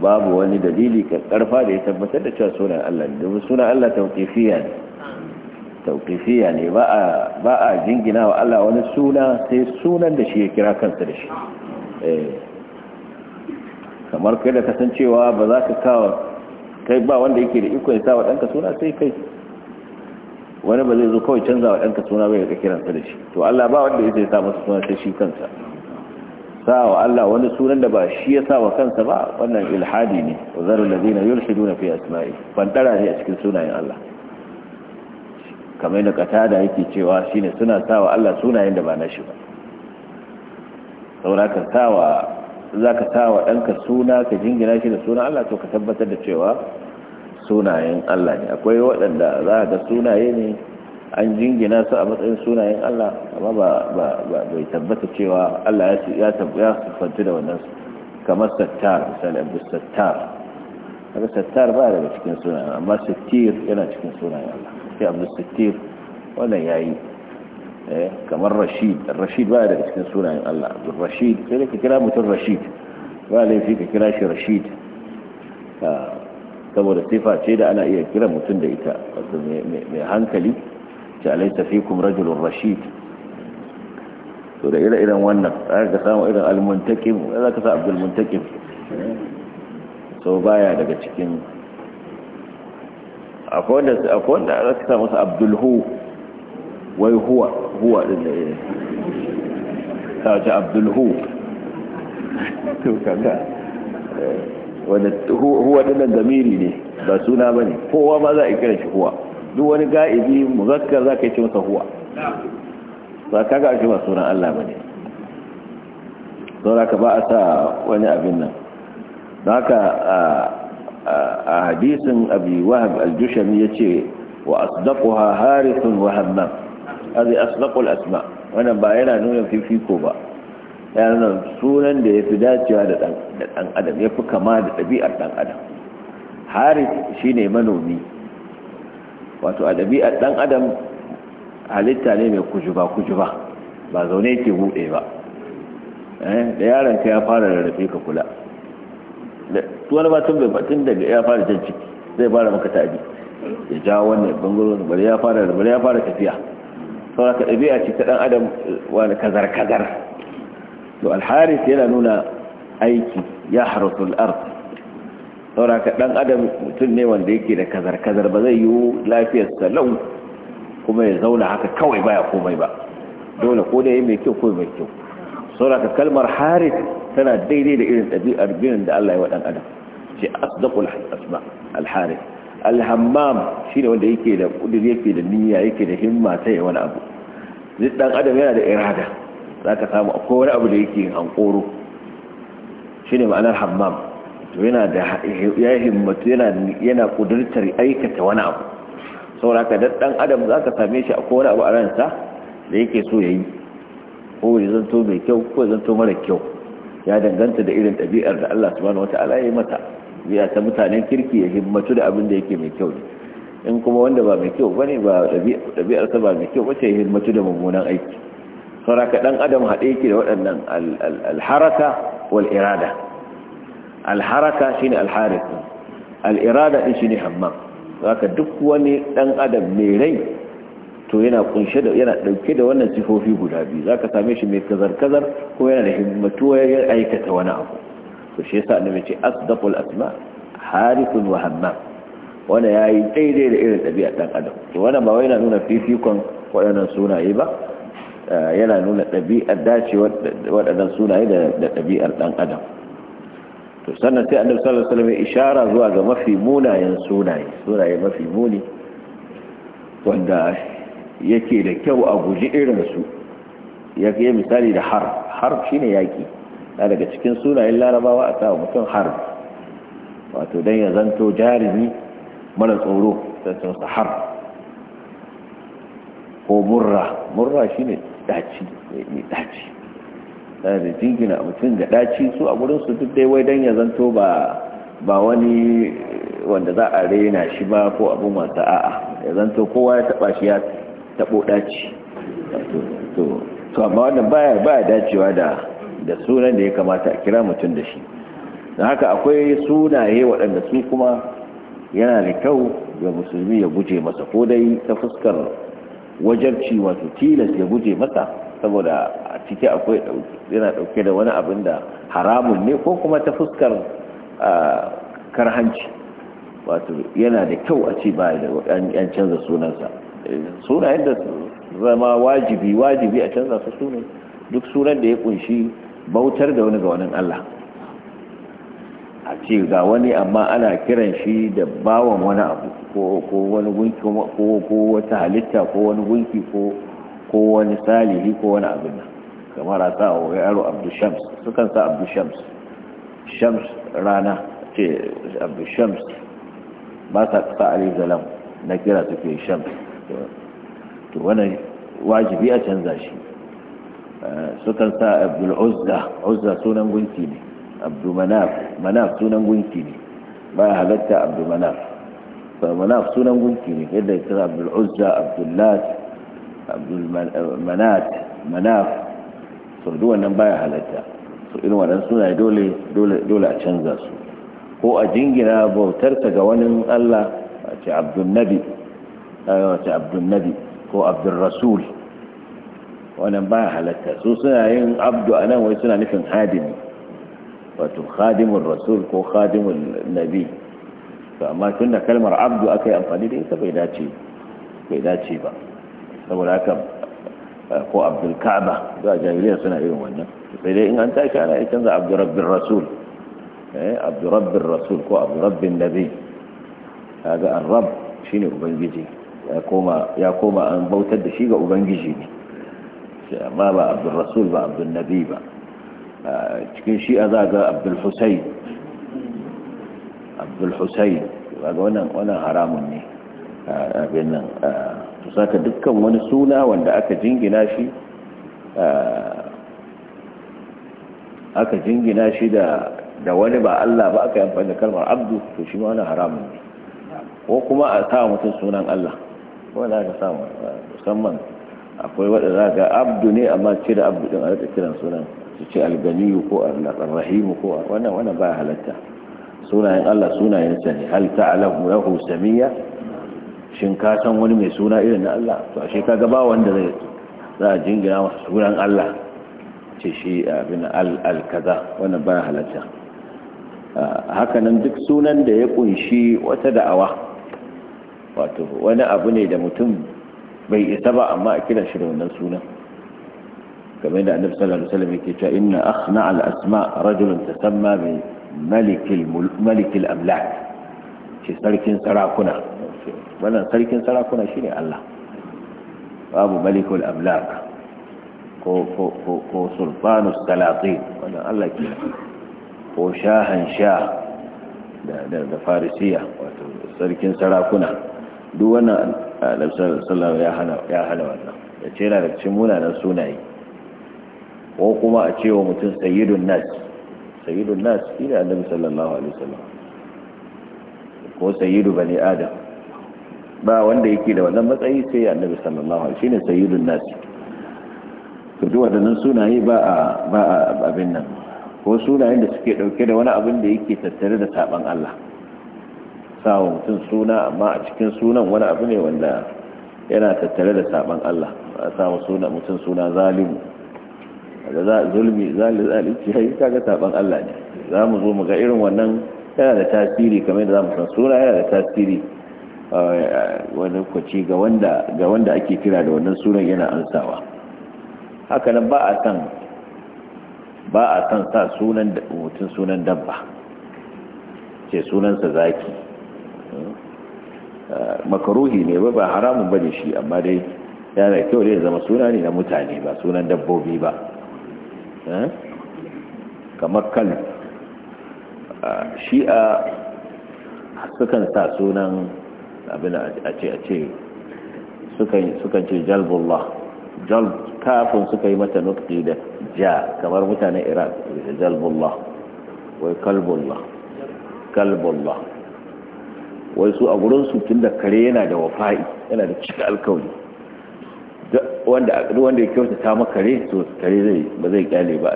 Speaker 1: babu wani dalili ka karfa da ya tabbatar da cewa sunan Allah domin sunan Allah tawqifiyya ne tauƙifiya ne ba a jingina wa Allah wani suna sai sunan da shi ya kira kansa da shi eh, kamar kai da kasancewa ba za ka kawo kai ba wanda yake da ikon sa wa ɗanka suna sai kai wani ba zai zo kawai canza wa ɗanka suna bai ga kiransa da shi to Allah ba wanda ya sa masa suna sai shi kansa sa wa Allah wani sunan da ba shi ya sa wa kansa ba wannan ilhadi ne wa zarar lazina yulhiduna fi asma'i fantara ne a cikin sunayen Allah kamar da katada yake cewa shine suna sawa Allah sunayen da ba na shi ba sauraka sawa zaka sawa danka suna ka jingina shi da sunan Allah to ka tabbatar da cewa sunayen Allah ne akwai waɗanda za ga sunaye ne an jingina su a matsayin sunayen Allah amma ba bai tabbata cewa Allah ya siffanta da wannan kamar sattar misali abu sattar haka sattar ba daga cikin sunayen amma sattir yana cikin sunayen Allah ce abdulsattir wannan ya yi eh, kamar rashid rashid ba da cikin sunayen allah rashid sai ka kira mutum rashid ba laifi ka kira shi rashid ah, saboda sifa ce da ana iya kira mutum da ita wato mai hankali ce alaisa fikum rajulun rashid so da ire-iren wannan za ka samu irin almuntakim za ka sa abdulmuntakim eh, so baya daga cikin akwai wanda akwai wanda aka sa masa abdul hu wai huwa huwa din da yake ta ce abdul hu <laughs> to kaga eh, wanda huwa din zamiri ne ba suna ba ne. kowa ma za a kira shi huwa duk wani ga'ibi muzakkar za ka yi ce masa huwa Za ka ga shi ba sunan Allah ne. saboda ka ba a sa wani abin nan don haka ah, a hadisin abu wahab al ya ce wa asdaquha wahab nan a zai asdaku al'asma wannan ba yana nuna fifiko ba yanar sunan da ya fi dacewa da ɗan adam ya fi kama da ɗabi'ar ɗan adam shi ne manomi wato a ɗabi'ar ɗan adam halitta ne mai kujuba kujuba ba zaune yake buɗe ba eh, da yaron ka ya fara rarrafe ka kula wani ba bai batun daga ya fara can ciki zai fara maka tabi ya ja wannan bangaro bari ya fara bari ya fara tafiya saboda ka ɗabi'a ce ta ɗan adam wani kazar kazar to alharis yana nuna aiki ya harasul ard saboda ka ɗan adam mutum ne wanda yake da kazar kazar ba zai yi lafiyar salau kuma ya zauna haka kawai baya komai ba dole ko da yi mai kyau ko mai kyau sauraka kalmar haris tana daidai da irin ɗabi'ar binin da Allah ya waɗan adam Shi asdaqul asma al-haris al-hammam shine wanda yake da kudur yake da niyya yake da himma ta yi wani abu duk ɗan adam yana da irada za ka samu akwai wani abu da yake hankoro shine ma'anar hammam to yana da ya himmatu yana yana kudurtar aikata wani abu sauraka ɗan adam za ka same shi akwai wani abu a ransa da yake so ya yi. ko ya zanto mai kyau ko ya zanto mara kyau ya danganta da irin ɗabi'ar da Allah subhanahu wata'ala ya yi mata ya ta mutanen kirki ya himmatu da abin da yake mai kyau ne in kuma wanda ba mai kyau bane ba ɗabi'ar sa ba mai kyau bace ya himmatu da mummunan aiki sauraka dan adam haɗe yake da waɗannan alharaka wal irada alharaka shine alharik al irada din shine hammam sauraka duk wani dan adam mai rai to yana kunshe da yana dauke da wannan sifofi guda biyu zaka same shi mai kazar kazar ko yana da himmatuwa ya aikata wani abu to shi yasa annabi ce asdaqul asma harithun wa hammam wanda yayi daidai da irin dabi'a dan adam to wannan ba wai yana nuna fifikon waɗannan sunaye ba eh, yana nuna dabi'ar dacewar waɗannan sunaye da dabi'ar dan adam to sannan sai annabi sallallahu alaihi wasallam ishara zuwa ga mafi munayen sunaye sunaye mafi muni wanda yake da kyau a guji irinsu ya ke misali da har har shi ne yaƙi na daga cikin sunayen larabawa a sa mutum har wato don ya zanto jarumi mara tsoro da tsunsa har ko murra murra shi ne daci mai daci da jingina mutum ga daci su a gurinsu duk dai wai don ya zanto ba ba wani wanda za a rena shi ba ko abin wata a'a ya zanto kowa ya taba shi ya tabo daci to amma wannan baya baya dacewa da da sunan da ya kamata a kira mutum da shi don haka akwai sunaye waɗanda su kuma yana da kyau ga musulmi ya guje masa ko dai ta fuskar wajarci wato tilas ya guje masa saboda a ciki akwai yana dauke da wani abin da haramun ne ko kuma ta fuskar karhanci wato yana da kyau a ce ba da an canza sunansa sunayen da zama wajibi wajibi a canza su sunan duk sunan da ya kunshi bautar da wani ga wani Allah a ce ga wani amma ana kiran shi da bawan wani abu ko wani gunki ko wata halitta ko wani gunki ko wani salihi ko wani abin nan kamar a sa wa yaro abdu shams sukan sa abdu shams shams rana ce abdu shams ba sa sa alaihi na kira suke shams to wannan wajibi a canza shi sukan sa abdul uzza uzza sunan gunki ne abdul manaf manaf sunan gunki ne ba halatta abdul manaf ba manaf sunan gunki ne yadda ya kira abdul uzza abdul lat abdul eh, manat manaf To duk wannan baya halatta so irin wannan sunaye dole dole dole a canza su ko a jingina bautar ta ga wani Allah a ce abdul nabi wata abdulnabi ko abdulrasul wannan ba halatta su suna yin abdu a nan wai suna nufin hadini wato khadimun rasul ko khadimun nabi to amma tun da kalmar abdu aka yi amfani da ita bai dace bai dace ba saboda haka ko abdul ka'aba a jahiliya suna irin wannan sai dai in an tashi ana yakan za abdu rabbir rasul eh abdu rasul ko abdu rabbin nabi ga ar-rabb shine ubangiji ya koma an bautar da shi ga ubangiji ne amma ba abdul rasul ba abdul nabi ba cikin shi a za ga abdul husayn abdul husayn ga wannan haramun ne abin nan to saka dukkan wani suna wanda aka jingina shi aka jingina shi da wani ba Allah ba aka yi amfani da kalmar abdu to shi ma wannan haramun ne ko kuma a sa mutum sunan Allah ko za ka samu musamman akwai wadda za ga abdu ne amma cire abdu din a rika kiran sunan su ce alganiyu ko arrahimu ko wannan wannan baya halatta sunayen Allah sunayen sa ne hal ta'lamu lahu samiyya shin ka san wani mai suna irin na Allah to ashe kaga ba wanda zai za a jingina masa sunan Allah ce shi abin al kaza wannan baya halatta ah, haka nan duk sunan da ya kunshi wata da'awa wato wani abu ne da mutum bai isa ba amma a kira shi da wannan sunan kamar da annabi sallallahu alaihi wasallam yake cewa inna akhna al asma rajulun tasamma bi malikil malikil amlak shi sarkin sarakuna wannan sarkin sarakuna shine Allah babu malikul amlak ko ko ko ko sultanus salatin wannan Allah ke ko shahan sha da da farisiya wato sarkin sarakuna duk wannan annabi sallallahu ya hana ya hana wannan da ce yana da cin munanan sunaye ko kuma a cewa mutum sayyidun nas sayyidun nas shine annabi sallallahu alaihi wasallam ko sayyidu bani adam ba wanda yake da wannan matsayi sai annabi sallallahu alaihi shine sayyidun nas to duk wadannan sunaye ba a ba a abin nan ko sunayen da suke dauke da wani abin da yake tattare da saban Allah sawa mutum suna amma a cikin sunan wani abu ne wanda yana tattare da saban Allah a sawa suna mutum suna zalimu da za zulmi zalici ya yi kaga saban Allah ne za mu zo mu ga irin wannan yana da tasiri kamar yadda za mu san suna yana da tasiri eh, wani kwaci ga wanda ga wanda ake kira da wannan sunan yana ansawa haka nan ba a san ba a san sa sunan mutum sunan dabba ce sunansa zaki Hmm? Eh, makaruhi ne ba haramun ba ne shi amma dai yana kyau da zama suna ne na mutane ba sunan dabbobi ba hmm? kamar kan shi'a sukan sa sunan abin a ce a ce sukan ce jalbullah kafin suka yi mata nufi da ja kamar mutanen iraq da jalbullah wai kalbullah kalbullah wai su a su tun da kare yana da wafa'i yana da cika alkawari wanda ya kyautata makare to kare zai ba zai kyale ba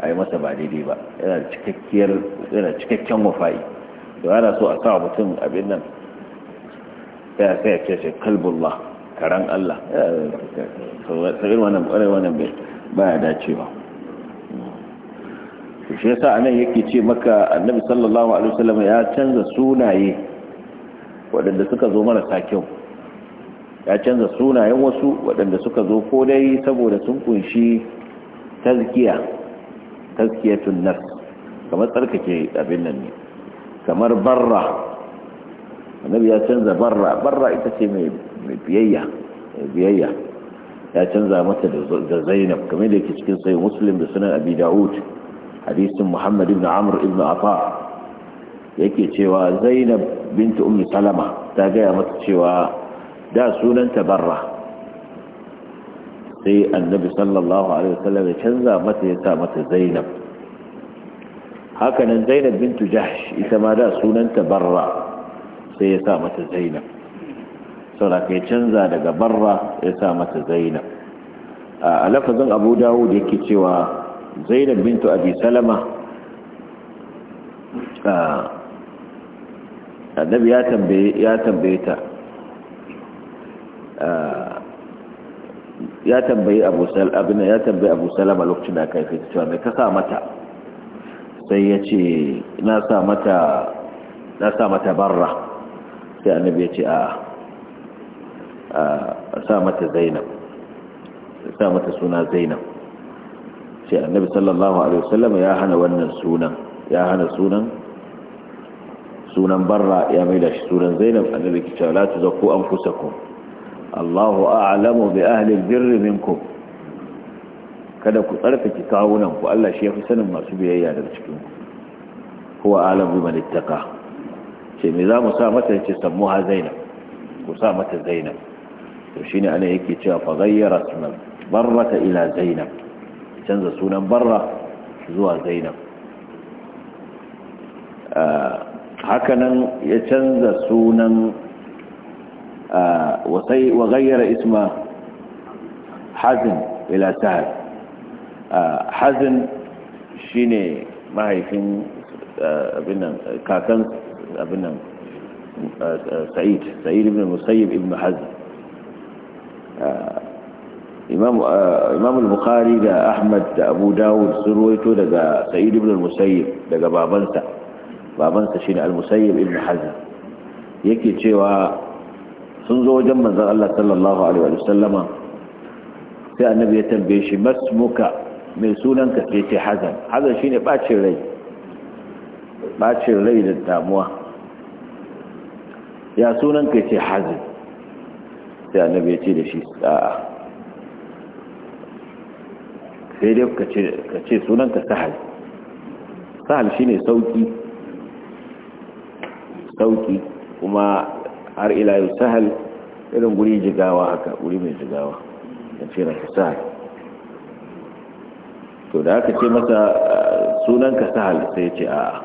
Speaker 1: a yi masa ba daidai ba yana da cikakken wafa'i to ana so a sa mutum abin nan ya sai ya kyashe kalbullah karan Allah saboda eh, wannan bai ba ya dacewa shi yasa anan yake ce maka annabi sallallahu alaihi wasallam ya canza sunaye wadanda suka zo marasa kyau ya canza sunayen wasu waɗanda suka zo ko dai saboda sun kunshi tazkiya tazkiyatun nas kamar tsarkake abin nan ne kamar barra annabi ya canza barra barra ita ce mai biyayya biyayya ya canza mata da zainab kamar da yake cikin sai muslim da sunan abi da'ud hadisin muhammad ibn amr ibn afa yake cewa zainab binta ummi salama ta gaya mata cewa da sunanta barra sai annabi sallallahu alaihi wasallam ya canza mata ya sa mata zainab hakanan zainab bintu jahsh ita ma da sunanta barra sai ya sa mata zainab sauraka ya canza daga barra ya sa mata zainab a lafazin abu dawud yake cewa zainab bintu abi salama annabi ya tambaye ya tambaye ta ya tambaye abu salama ya tambaye abu salama lokacin da aka haife ta cewa mai ka sa mata sai ya ce na sa mata na sa mata barra sai annabi ya ce a sa mata zainab sa mata suna zainab sai annabi sallallahu alaihi wasallam ya hana wannan sunan ya hana sunan sunan barra ya mai da shi sunan zainab annabi ki ta la tuzakku anfusakum Allahu a'lamu bi ahli al-birr minkum kada ku tsarkake kawunan ku Allah shi ya fi sanin masu biyayya da cikin ku huwa a'lamu biman ittaqa ce me za mu sa mata ce yace ha zainab ku sa mata zainab to shine ana yake cewa fa ghayyara sunan barra ila zainab canza sunan barra zuwa zainab hakanan ya canza sunan wa gayyara isma hazin ila sahal hazin shine mahaifin kakan abinan sa'id sa'id ibn musayyib ibn hazin Uh, imam al-bukhari da ahmad da abu dawud sun ruwaito daga sa'id ibn al-musayyib daga babansa babansa shine al-musayyib ibn hazm yake cewa sun zo wajen manzon Allah sallallahu alaihi wa sallama sai annabi ya tambaye shi masmuka mai sunanka sai ce hazan hazan shine bacin rai bacin rai da damuwa ya sunanka ce hazan sai annabi ya ce da shi a'a sai dai ka ce sunanka sahal sahal shine sauki sauki kuma har ila yau sahal irin guri jigawa haka guri mai jigawa da ce masa sahal to da aka ce masa ah, sunanka sahal sai ce a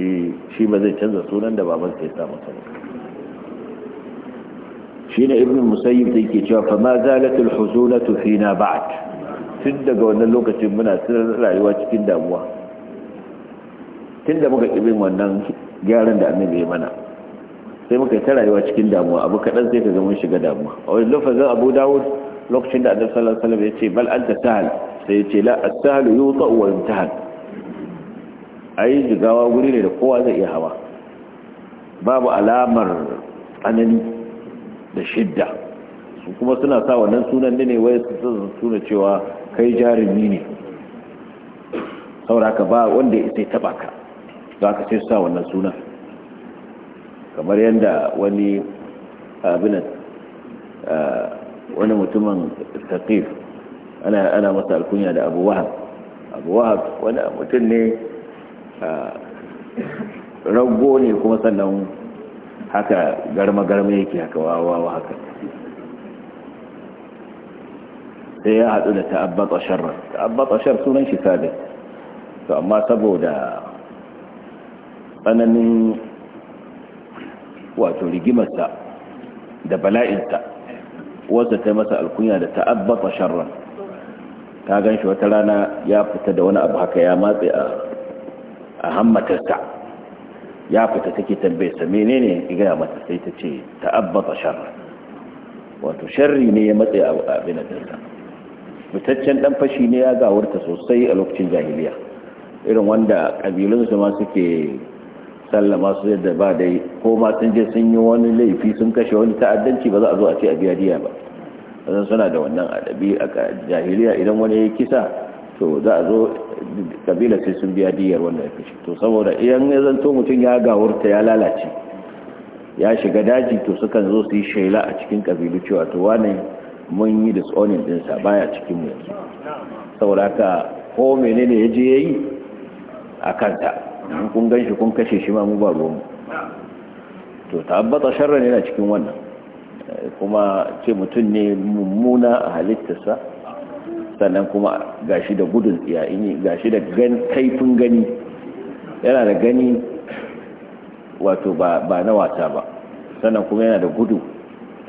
Speaker 1: shi ba zai canza sunan da baban sai sa masa shi ne ibn musayyib da yake cewa fa ma zalatul huzunatu fina ba'd tun daga wannan lokacin muna tsirar rayuwa cikin damuwa tun da muka ƙibin wannan gyaran da annabi ya mana sai muka yi ta rayuwa cikin damuwa abu kaɗan sai ka zama shiga damuwa a wani lokacin abu dawud lokacin da annabi sallallahu alaihi ya ce bal ta sahal sai ya ce la as-sahalu ta wa a yi jigawa guri ne da kowa zai iya hawa babu alamar tsanani da shidda su kuma suna sa wannan sunan ne wai su suna cewa kai jarumi ne sauraka ba wanda ya sai taba ka za ka sai sa wannan suna kamar yadda wani abinan wani mutumin taqif ana masa alkunya da abu wahab abu wahab wani mutum ne rago ne kuma sannan haka garma-garma yake haka wawawa haka sai ya haɗu da ta'abbata sharra ta'abbata shar sunan shi sabit to amma saboda tsananin wato rigimarsa da bala'inta wasa ta masa alkunya da ta'abbata sharran ta gan shi wata rana ya fita da wani abu haka ya matse a hammatarsa ya fita take tambayarsa menene ya gaya mata sai ta ce ta'abbata sharran wato sharri ne ya matse a abin da fitaccen dan fashi ne ya gawarta sosai a lokacin jahiliya irin wanda kabilunsu ma suke sallama su yadda ba dai ko ma sun je sun yi wani laifi sun kashe wani ta'addanci ba za a zo a ce a biya diya ba sannan suna da wannan adabi a jahiliya idan wani ya kisa to za a zo kabila sai sun biya diyar wannan ya kashe to saboda idan ya zanto mutum ya gawarta ya lalace ya shiga daji to sukan zo su yi shaila a cikin kabilu cewa to wane mun yi da tsonin dinsa baya cikin mu saboda haka ko menene ya je yayi a kanta kun gan kun kashe shi ma mu ba ruwan mu to tabbata sharran yana cikin wannan kuma ce mutum ne mummuna a halittarsa sannan kuma gashi da gudun tsiyayi gashi da gan kaifin gani yana da gani wato ba na wata ba sannan kuma yana da gudu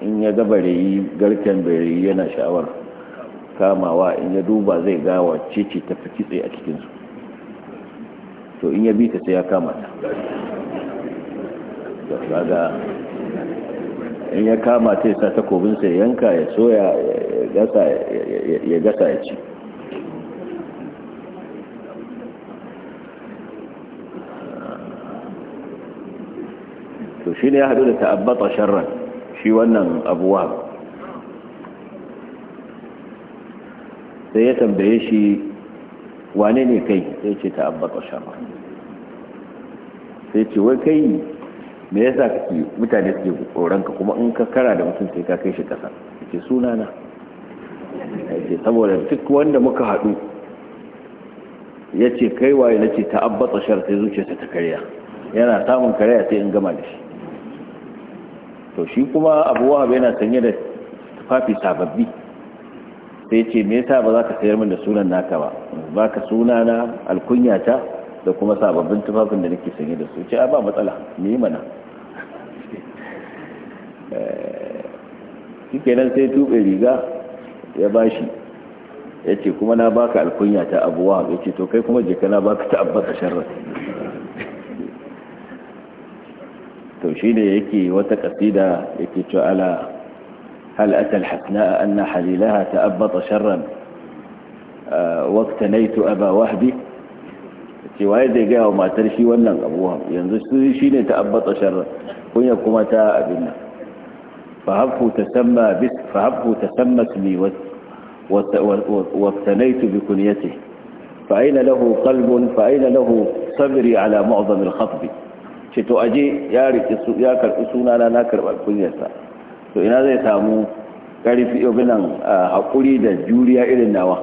Speaker 1: in ya ga bareyi garken bareyi yana sha'awar kamawa in ya duba zai gawa cece ce tafi kitse a cikinsu to in ya bi ta sai ya kama ta ga in ya kama ta sa takobinsa ya yanka ya soya ya gasa ya ci to shi ne ya haɗu da ta'abbata sharran shi wannan abuwa sai ya tambaye shi wane ne kai sai ce ta abba ƙashama sai ce wai kai me yasa kake mutane suke tsoron kuma in ka kara da mutum sai ka kai shi ƙasa ce sunana ce saboda duk wanda muka haɗu ya ce kai ya ce ta abba ƙashar sai zuciya ta karya yana samun karya sai in gama da shi to shi kuma abu wahab yana sanye da tufafi sababbi sai ce me yasa ba za ka sayar min da sunan naka ba ba ka suna na alkunyata da kuma sababbin tufafin da nake sanye da su ce a ba matsala ni mana eh, shike nan sai tube riga ya bashi ya ce kuma na baka alkunya ta abuwa ya ce to kai kuma jika na baka ta abbas sharra توشيني يكي وتكسيدا يكي تعالى هل أتى الحسناء أن حليلها تأبط شرا واقتنيت أبا وهبي تواي دي جاء وما ترشي ونن أبوها ينزل توشيني تأبط شرا كن يكما تاء بنا فهبه تسمى بس فهبه تسمى اسمي واقتنيت بكنيته فأين له قلب فأين له صبري على معظم الخطب ce to aje ya su ya karbi sunana na karba kunyarsa to ina zai samu karfi ibinan hakuri da juriya irin nawa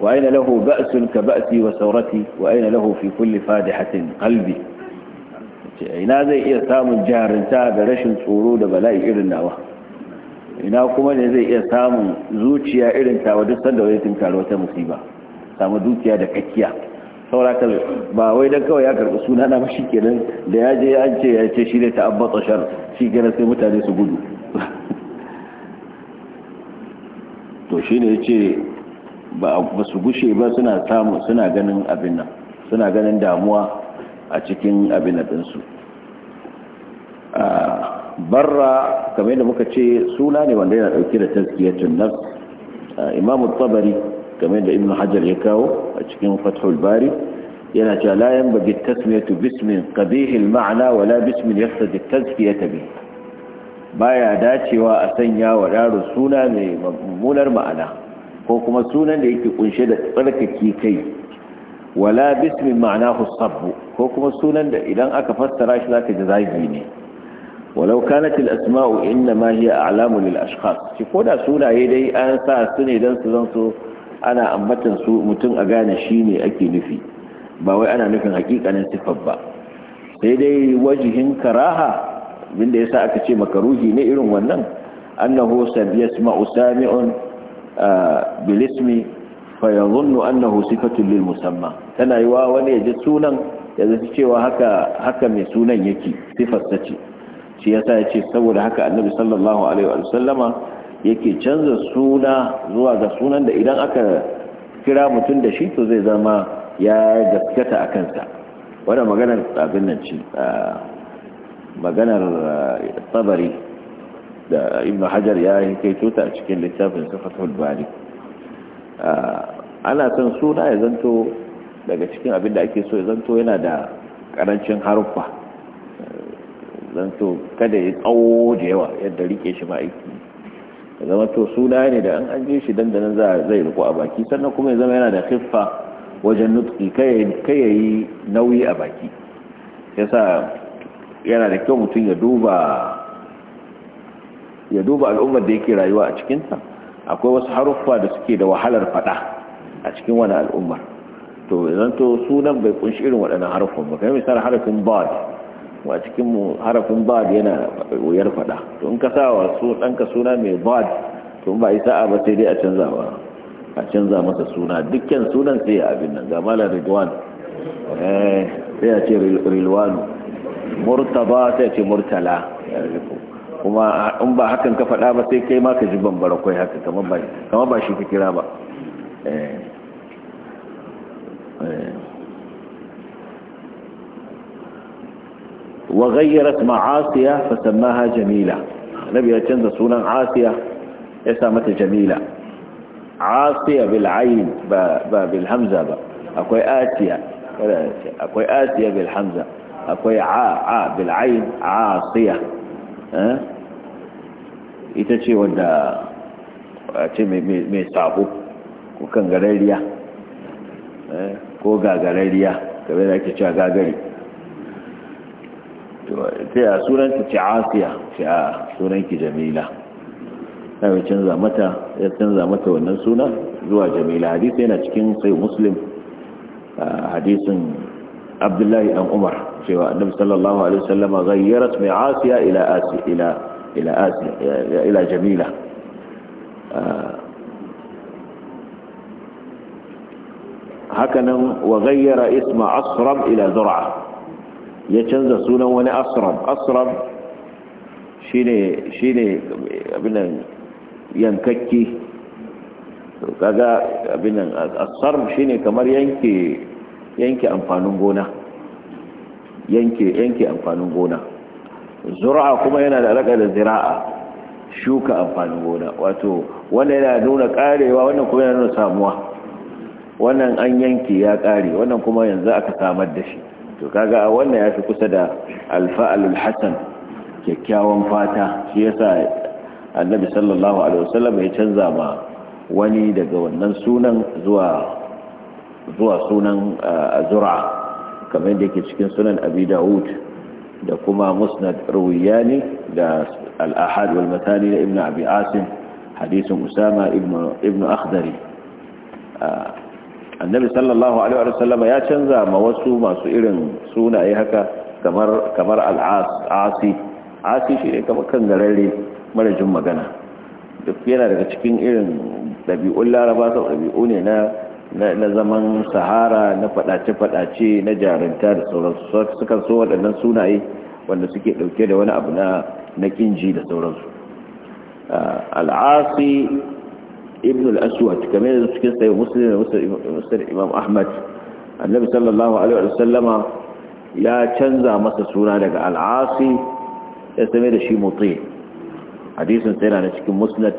Speaker 1: wa aina lahu ba'sun ka ba'si wa saurati wa aina lahu fi kulli fadihatin qalbi ce ina zai iya samun jarinta da rashin tsoro da bala'i irin nawa ina kuma ne zai iya samun zuciya irin tawa duk sanda wani tunkar wata musiba samu zuciya da kakkiya saurakal ba wai don kawai ya karbi suna na mashi kenan da ya je an ce ya ce shi ne ta'abbata shar shikenan sai mutane su gudu <laughs> to shi ne ya ce ba su gushe ba suna samu suna ganin abin nan suna ganin damuwa a cikin abin nan barra kamar yadda muka ce suna ne wanda yana ɗauke da taskiyatun nan imamu tabari game da ibn hajar ya kawo a cikin fathul bari yana cewa la yanbaghi tasmiyatu bismin qabih al-ma'na wala bismin yafsad tazkiyata bi baya dacewa a sanya wa daro suna mai mummunar ma'ana ko kuma sunan da yake kunshe da tsarkake kai wala bismin ma'anahu sabbu ko kuma sunan da idan aka fassara shi zaka ji zagi ne ولو كانت الأسماء إنما هي أعلام للأشخاص شكونا سونا يدي أنسى السنة دنس دنسو ana ambatan su mutum a gane shi ne ake nufi ba wai ana nufin hakikanin sifar ba sai dai wajihin karaha binda yasa aka ce makaruhi ne irin wannan annahu yasma'u sami'un ah, bil ismi fa yadhunnu annahu sifatu lil musamma tana yiwa wani ya ji sunan ya zaci cewa haka haka mai sunan yake sifar sace shi yasa yace saboda haka annabi sallallahu alaihi wa yake canza suna zuwa ga sunan da idan aka kira mutum da shi to zai zama ya gaskata a kansa wadda maganar abin nan ce maganar tsabari da ibn hajar ya yi kai tuta a cikin littafin sifatul bari ana son suna ya zanto daga cikin abin da ake so ya zanto yana da karancin haruffa zanto kada ya tsawo da yawa yadda rike shi ma'aiki ya zama to suna ne da an an ji shi dandanan zai riko a baki sannan kuma ya zama yana da kiffa wajen nutsi kai yayi nauyi a baki yasa yana da kyau mutum ya duba ya duba al'ummar da yake rayuwa a cikinta akwai wasu haruffa da suke da wahalar fada a cikin wani al'ummar to zan to sunan bai kunshi irin waɗannan haruffan ba kai misali harafin bad wa cikin mu harafin bad yana wuyar fada to in ka sawa su danka suna mai bad to ba isa ba sai dai a canza ba a canza masa suna dukkan sunan sai abin nan ga malam ridwan eh sai a ce ridwan murtaba sai a ce murtala kuma in ba hakan ka faɗa ba sai kai ma ka ji bambara kwai haka kamar ba shi ka kira ba eh, eh. wa ghayyarat ma'asiya fa sammaha jamila nabi ya canza sunan asiya ya mata jamila asiya bil ayn ba ba akwai atiya akwai asiya akwai a a bil ayn eh? ita ce ce ko kan garariya eh? ko gagarariya game da ake cewa gagari sai a sunanta ce asiya ce a sunanki jamila canza mata ya canza mata wannan suna zuwa jamila hadisi yana cikin sai muslim hadisin abdullahi dan umar cewa annabi sallallahu alaihi wasallam ghayyarat mai asiya ila asiya ila jamila hakanan wa gayyara isma asram ila zur'a ya canza sunan wani asram asram shi ne abinan yankakki kaga abinan asarm shi ne kamar yanke amfanin gona yanke amfanin gona zura'a kuma yana da alaƙa da zira'a shuka amfanin gona wato wannan yana nuna karewa wannan kuma yana nuna samuwa wannan an yanke ya kare wannan kuma yanzu aka samar da shi to kaga wannan ya fi kusa da alfa'alul hasan kyakkyawan fata shi yasa annabi sallallahu alaihi wasallam ya canza ma wani daga wannan sunan zuwa zuwa sunan azura ah, kamar da yake cikin sunan abi dawud da kuma musnad ruwiyani da al-ahad wal matani da ibnu abi asim hadisin usama ibnu ibnu akhdari ah, annabi sallallahu alaihi wa sallama ya canza ma wasu masu irin sunaye haka kamar kamar al-asi asi shi ne kamar garare mara jin magana duk yana daga cikin irin ɗabi'un laraba sau dabi'u ne na na zaman sahara na fadace-fadace na jarinta da sauransu suka so waɗannan sunaye wanda suke ɗauke da wani abu na ƙinji da sauransu ah, al'asi ibn al-aswad kamar yadda cikin sai muslim muslim imam ahmad annabi sallallahu alaihi wasallama ya canza masa suna daga al-asi ya same da shi muti hadisin sai na cikin musnad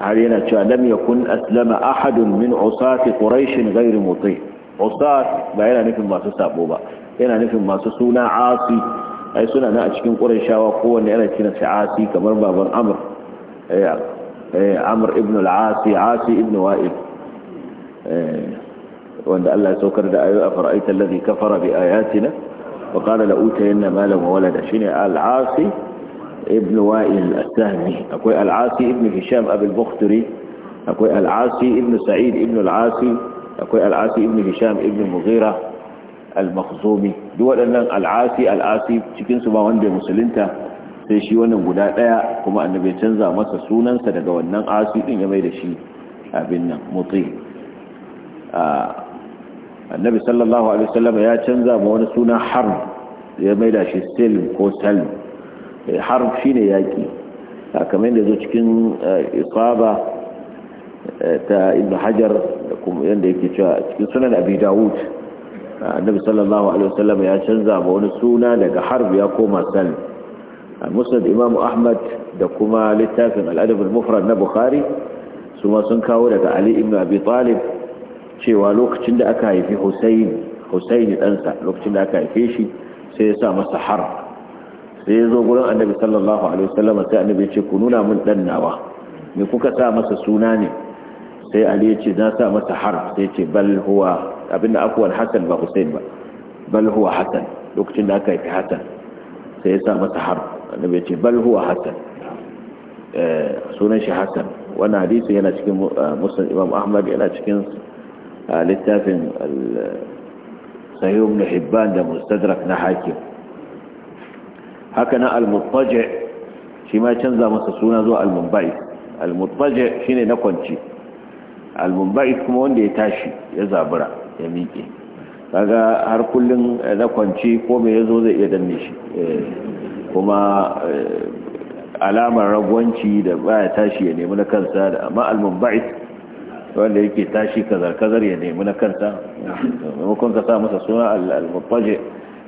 Speaker 1: har yana cewa lam yakun aslama ahadun min usati quraish ghayr muti usat ba yana nufin masu sabo ba yana nufin masu suna asi suna a cikin qurayshawa kowanne yana kiran shi asi kamar baban amr eh, آه، عمر ابن العاصي عاصي ابن وائل آه، وان الله سوكر دا ايو افرأيت الذي كفر بآياتنا وقال لأوتين مالا وولد شنع العاصي ابن وائل السهمي اكوي العاصي ابن هشام ابي البختري اكوي العاصي ابن سعيد ابن العاصي اكوي العاصي ابن هشام ابن مغيرة المخزومي دول ان العاصي العاسي تكنسوا ما وان بمسلنته sai shi wannan guda daya kuma annabi ya canza masa sunansa daga wannan asu din ya mai da shi abin nan mutsi annabi sallallahu alaihi wasallam ya canza ma wani suna har ya mai da shi silm ko salm eh, har shine yaki kamar yadda zo cikin isaba eh, ta ibn hajar da kuma yadda yake cewa cikin sunan abi dawud annabi sallallahu alaihi wasallam ya canza ma wani suna daga harb ya koma salm musnad imamu ahmad da kuma littafin al'adabul mufrad na bukhari su ma sun kawo daga ali ibn abi talib cewa lokacin da aka haifi husayn husayn ɗansa lokacin da aka haife shi sai ya sa masa har sai ya gurin annabi sallallahu alaihi wasallam sai annabi ya ce ku nuna min dan nawa me kuka sa masa suna ne sai ali ya ce na sa masa har sai ce bal huwa abinda akwai hasan ba husayn ba bal huwa hasan lokacin da aka haifi hasan sai ya sa masa har annabi ya ce bal huwa hasan eh, sunan shi hasan wannan hadisi yana cikin eh, muslim imam ahmad yana cikin eh, littafin sahih hibban da mustadrak na hakim haka na al mutfaje shi ma canza masa suna zuwa al-mumbai al shi ne na kwanci al-mumbai kuma wanda ya tashi ya zabura ya miƙe kaga har kullum na kwanci ko me yazo zai iya danne shi kuma eh, alamar ragwanci da baya tashi ya nemi na kansa da amma al-munba'id wanda yake tashi kazar-kazar ya nemi na kansa maimakon ka sa masa suna al-mutaje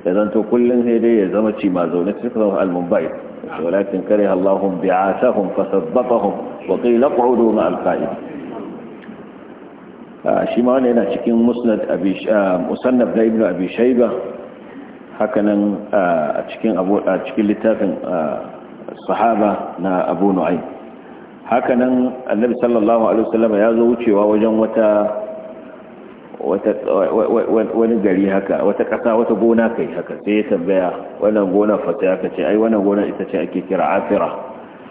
Speaker 1: da zanto kullum sai dai ya zama ci ma zaune su zama al-munba'id walakin kare Allahun bi'asahum fasabbatahum wa qila qudu ma al-qa'id ah, shi ma wannan yana cikin musnad abi ah, musannaf da ibnu abi hakanan a cikin littafin sahaba na abu nu'aym hakanan annabi sallallahu alaihi wasallam ya zo wucewa wajen wata wani gari haka wata kasa wata gona kai haka sai ya tambaya wannan gona fata ya kace ai wannan gona ita ce ake kira afira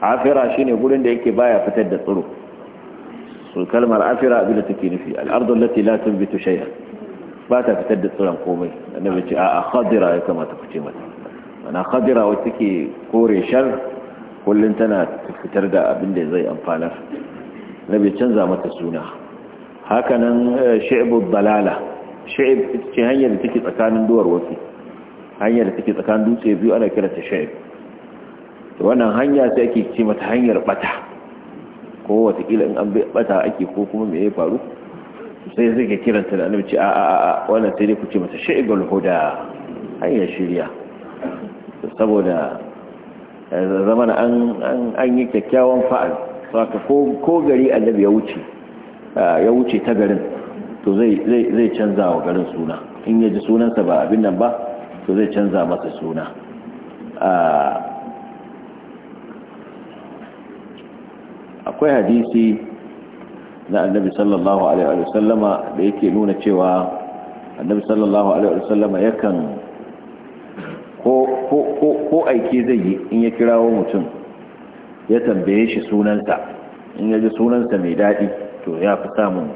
Speaker 1: afira shine gurin da yake baya fitar da tsiro so kalmar afira abin da take nufi al-ardu allati la tunbitu ba ta fitar da tsiran komai na ce a khadira ya kamata ku ce mata ana khadira wacce take kore shar kullun tana fitar da abin da zai amfanar annabi canza mata suna hakanan eh, shi'bu dalala shi'b ce hanyar da take tsakanin duwar wasu hanyar da take tsakanin dutse biyu ana kira ta shi'b to wannan hanya sai ake ce mata hanyar bata ko wata kila in an bata ake ko kuma me ya faru sai zai ga kiranta da annabci a wannan sai dai ku ce mata shi'gul huda hanyar shirya saboda eh, zaman an yi kyakkyawan fa'al saka ko gari annabi ya wuce eh, ya wuce ta garin to zai canza wa garin suna in yaji sunansa ba abin nan ba to zai canza masa suna ah, akwai hadisi na annabi sallallahu alaihi wa sallama da yake nuna cewa annabi sallallahu alaihi wa sallama yakan ko aiki zai yi in ya kirawo mutum ya tambaye shi sunansa in ya ji sunansa mai daɗi to ya fi samun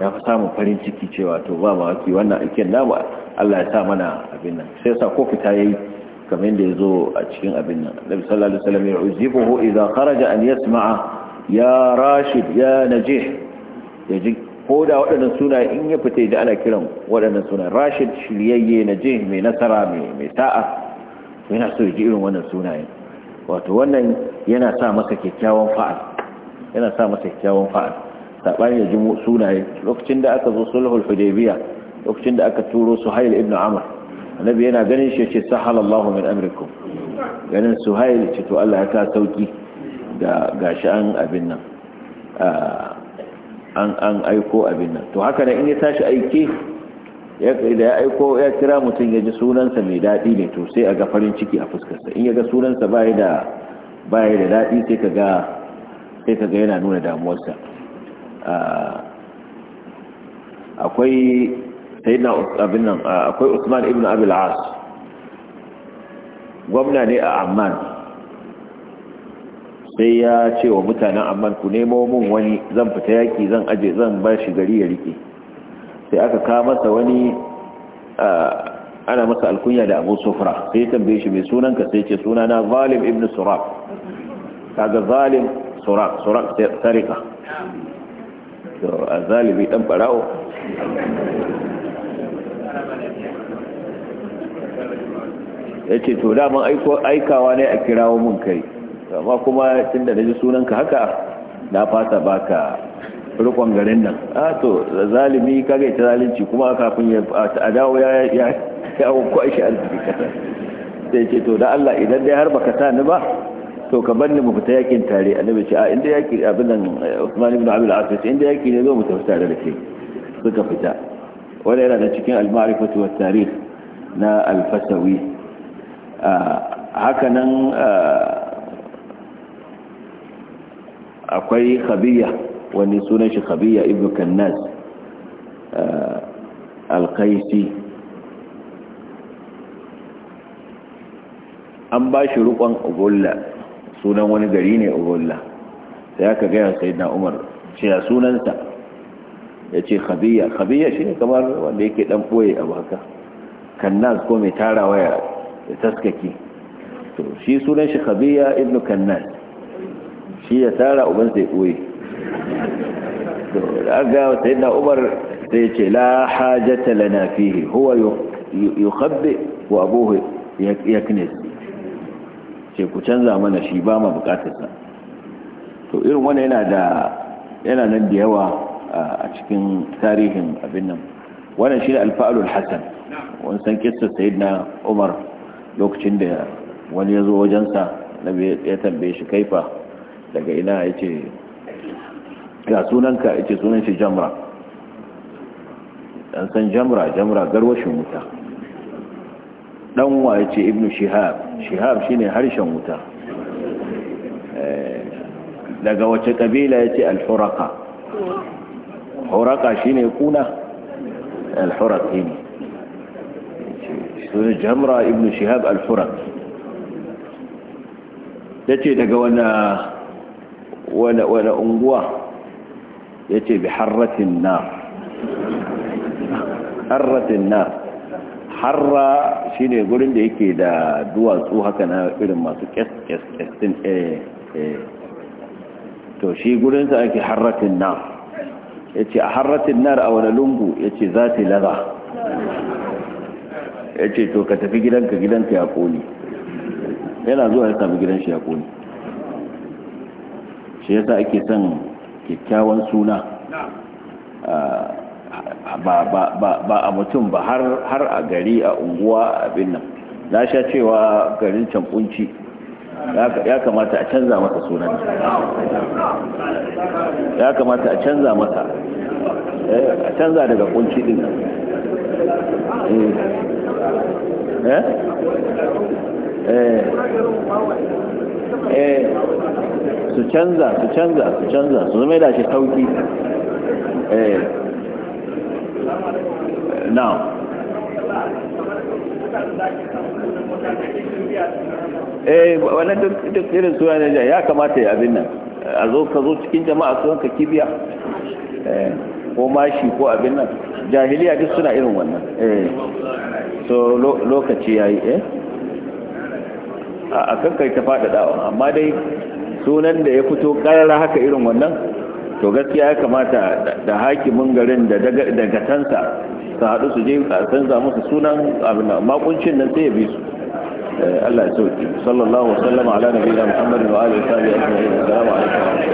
Speaker 1: ya fi samun farin ciki cewa to ba mawaki wannan aikin namu Allah ya sa mana abin nan sai sa ko fita yayi kamar yadda ya zo a cikin abin nan annabi sallallahu alaihi wasallam ya uzibuhu idza kharaja an yasma'a ya rashid ya najih ya ji ko da waɗannan suna in ya fita da ana kiran waɗannan suna rashid shiryayye najih mai nasara mai sa'a yana so ya ji irin wannan sunayen wato wannan yana sa masa kyakkyawan fa'al yana sa masa kyakkyawan fa'al sabani ya ji sunaye lokacin da aka zo sulhul hudaybiya lokacin da aka turo suhail ibn amr annabi yana ganin shi ya ce sahalallahu min amrikum ganin suhail ce to Allah ya ka sauki ga gashi an abin nan an an aiko abin nan to haka da in ya tashi aiki da ya aiko ya kira mutum ya ji sunansa mai daɗi ne to sai a ga farin ciki a fuskarsa in ya ga sunansa baya da da daɗi sai ka ga sai ka ga yana nuna damuwarsa akwai sayyidina abin nan akwai Usman ibnu abul as gwamna ne a Amman sai ya ce wa mutanen amman ku nemo mun wani zan fita yaki zan aje zan ba shi gari ya rike sai aka kawo masa wani ana masa alkunya da abu sufra sai tambaye shi mai sunanka sai ce suna na zalim ibn surak kaga zalim surak suraq sarika to a zalibi dan barawo ya ce to daman aikawa ne a kirawo mun kai amma kuma tun da naji sunanka haka na fata baka rukon garin nan a ah, to zalimi kaga ita zalunci kuma kafin ya a dawo ya ya ya ko shi arziki kasa sai ce to da Allah idan dai har baka sa ni ba to ka bar ni mu fita yakin tare annabi ce a ah, inda yaki abin nan Usman ibn Abi al ce inda yaki ne zo mu tafi tare da ke suka fita wani yana da cikin al-ma'rifatu wat tarikh na al a ah, haka nan akwai khabiya wani sunan shi khabiya ibn kannas eh, alkaisi an ba shi rukon ugulla sunan wani gari ne ugulla sai aka gaya sai na umar cewa sunansa ya ce khabiya khabiya shi ne kamar wanda yake dan boye a baka kannas ko mai tara waya ya taskaki to shi sunan shi khabiya ibn kannas shi ya tara uban sai koyi ga sayyidina umar sai ce la hajata talana fihi huwa yukhabbi wa abuhu yaknis ce ku canza mana shi ba ma bukatarsa to irin wannan yana da yana nan da yawa a cikin tarihin abin nan wannan shi ne alfa'alul hasan wani san kissa na umar lokacin da wani ya zo wajensa na ya tambaye shi kaifa daga ina ya ce ga sunanka ya ce sunan shi jamra an san jamra jamra garwashin wuta ɗanwa ya ce ibn shihab shihab shi ne harshen wuta eh, daga wace ƙabila ya ce alfuraka huraka shi ne kuna alfuraki ne sunan jamra ibn shihab alfuraki ya ce daga wani wani unguwa ya ce bi harratin na harratin na harra shi ne gurin da yake da duwatsu haka na irin masu A eh, eh. to shi gurinsa ake harratin na ya ce a harratin nar a wani lungu ya ce za ta laza ya ce to ka tafi gidanka gidanka ya koli yana zuwa ya sami gidan shi ya koli shi yasa ake son kyakkyawan suna ba a mutum ba har a gari a unguwa abin nan na sha cewa garin canƙunci ya kamata a canza masa sunan ya kamata a canza masa eh, a canza daga kunci din nan eh eh, eh. Eh, su canza su canza su canza su zama da shi sauki eh now eh wannan duk irin suna ne ya kamata ya abin nan a zo ka zo cikin jama'a sunan ka kibiya eh, ko mashi ko abin nan jahiliya duk suna irin wannan eh so lokaci yayi eh a kankai ta faɗaɗawa amma dai sunan da ya fito ƙarara haka irin wannan to gaskiya ya kamata da hakimin garin da tansa su haɗu su je a canza musu sunan abin da makuncin nan sai ya bi su eh, Allah ya sauki sallallahu alaihi sallam ala nabiyina muhammadin wa alihi wa sahbihi ajma'in assalamu alaikum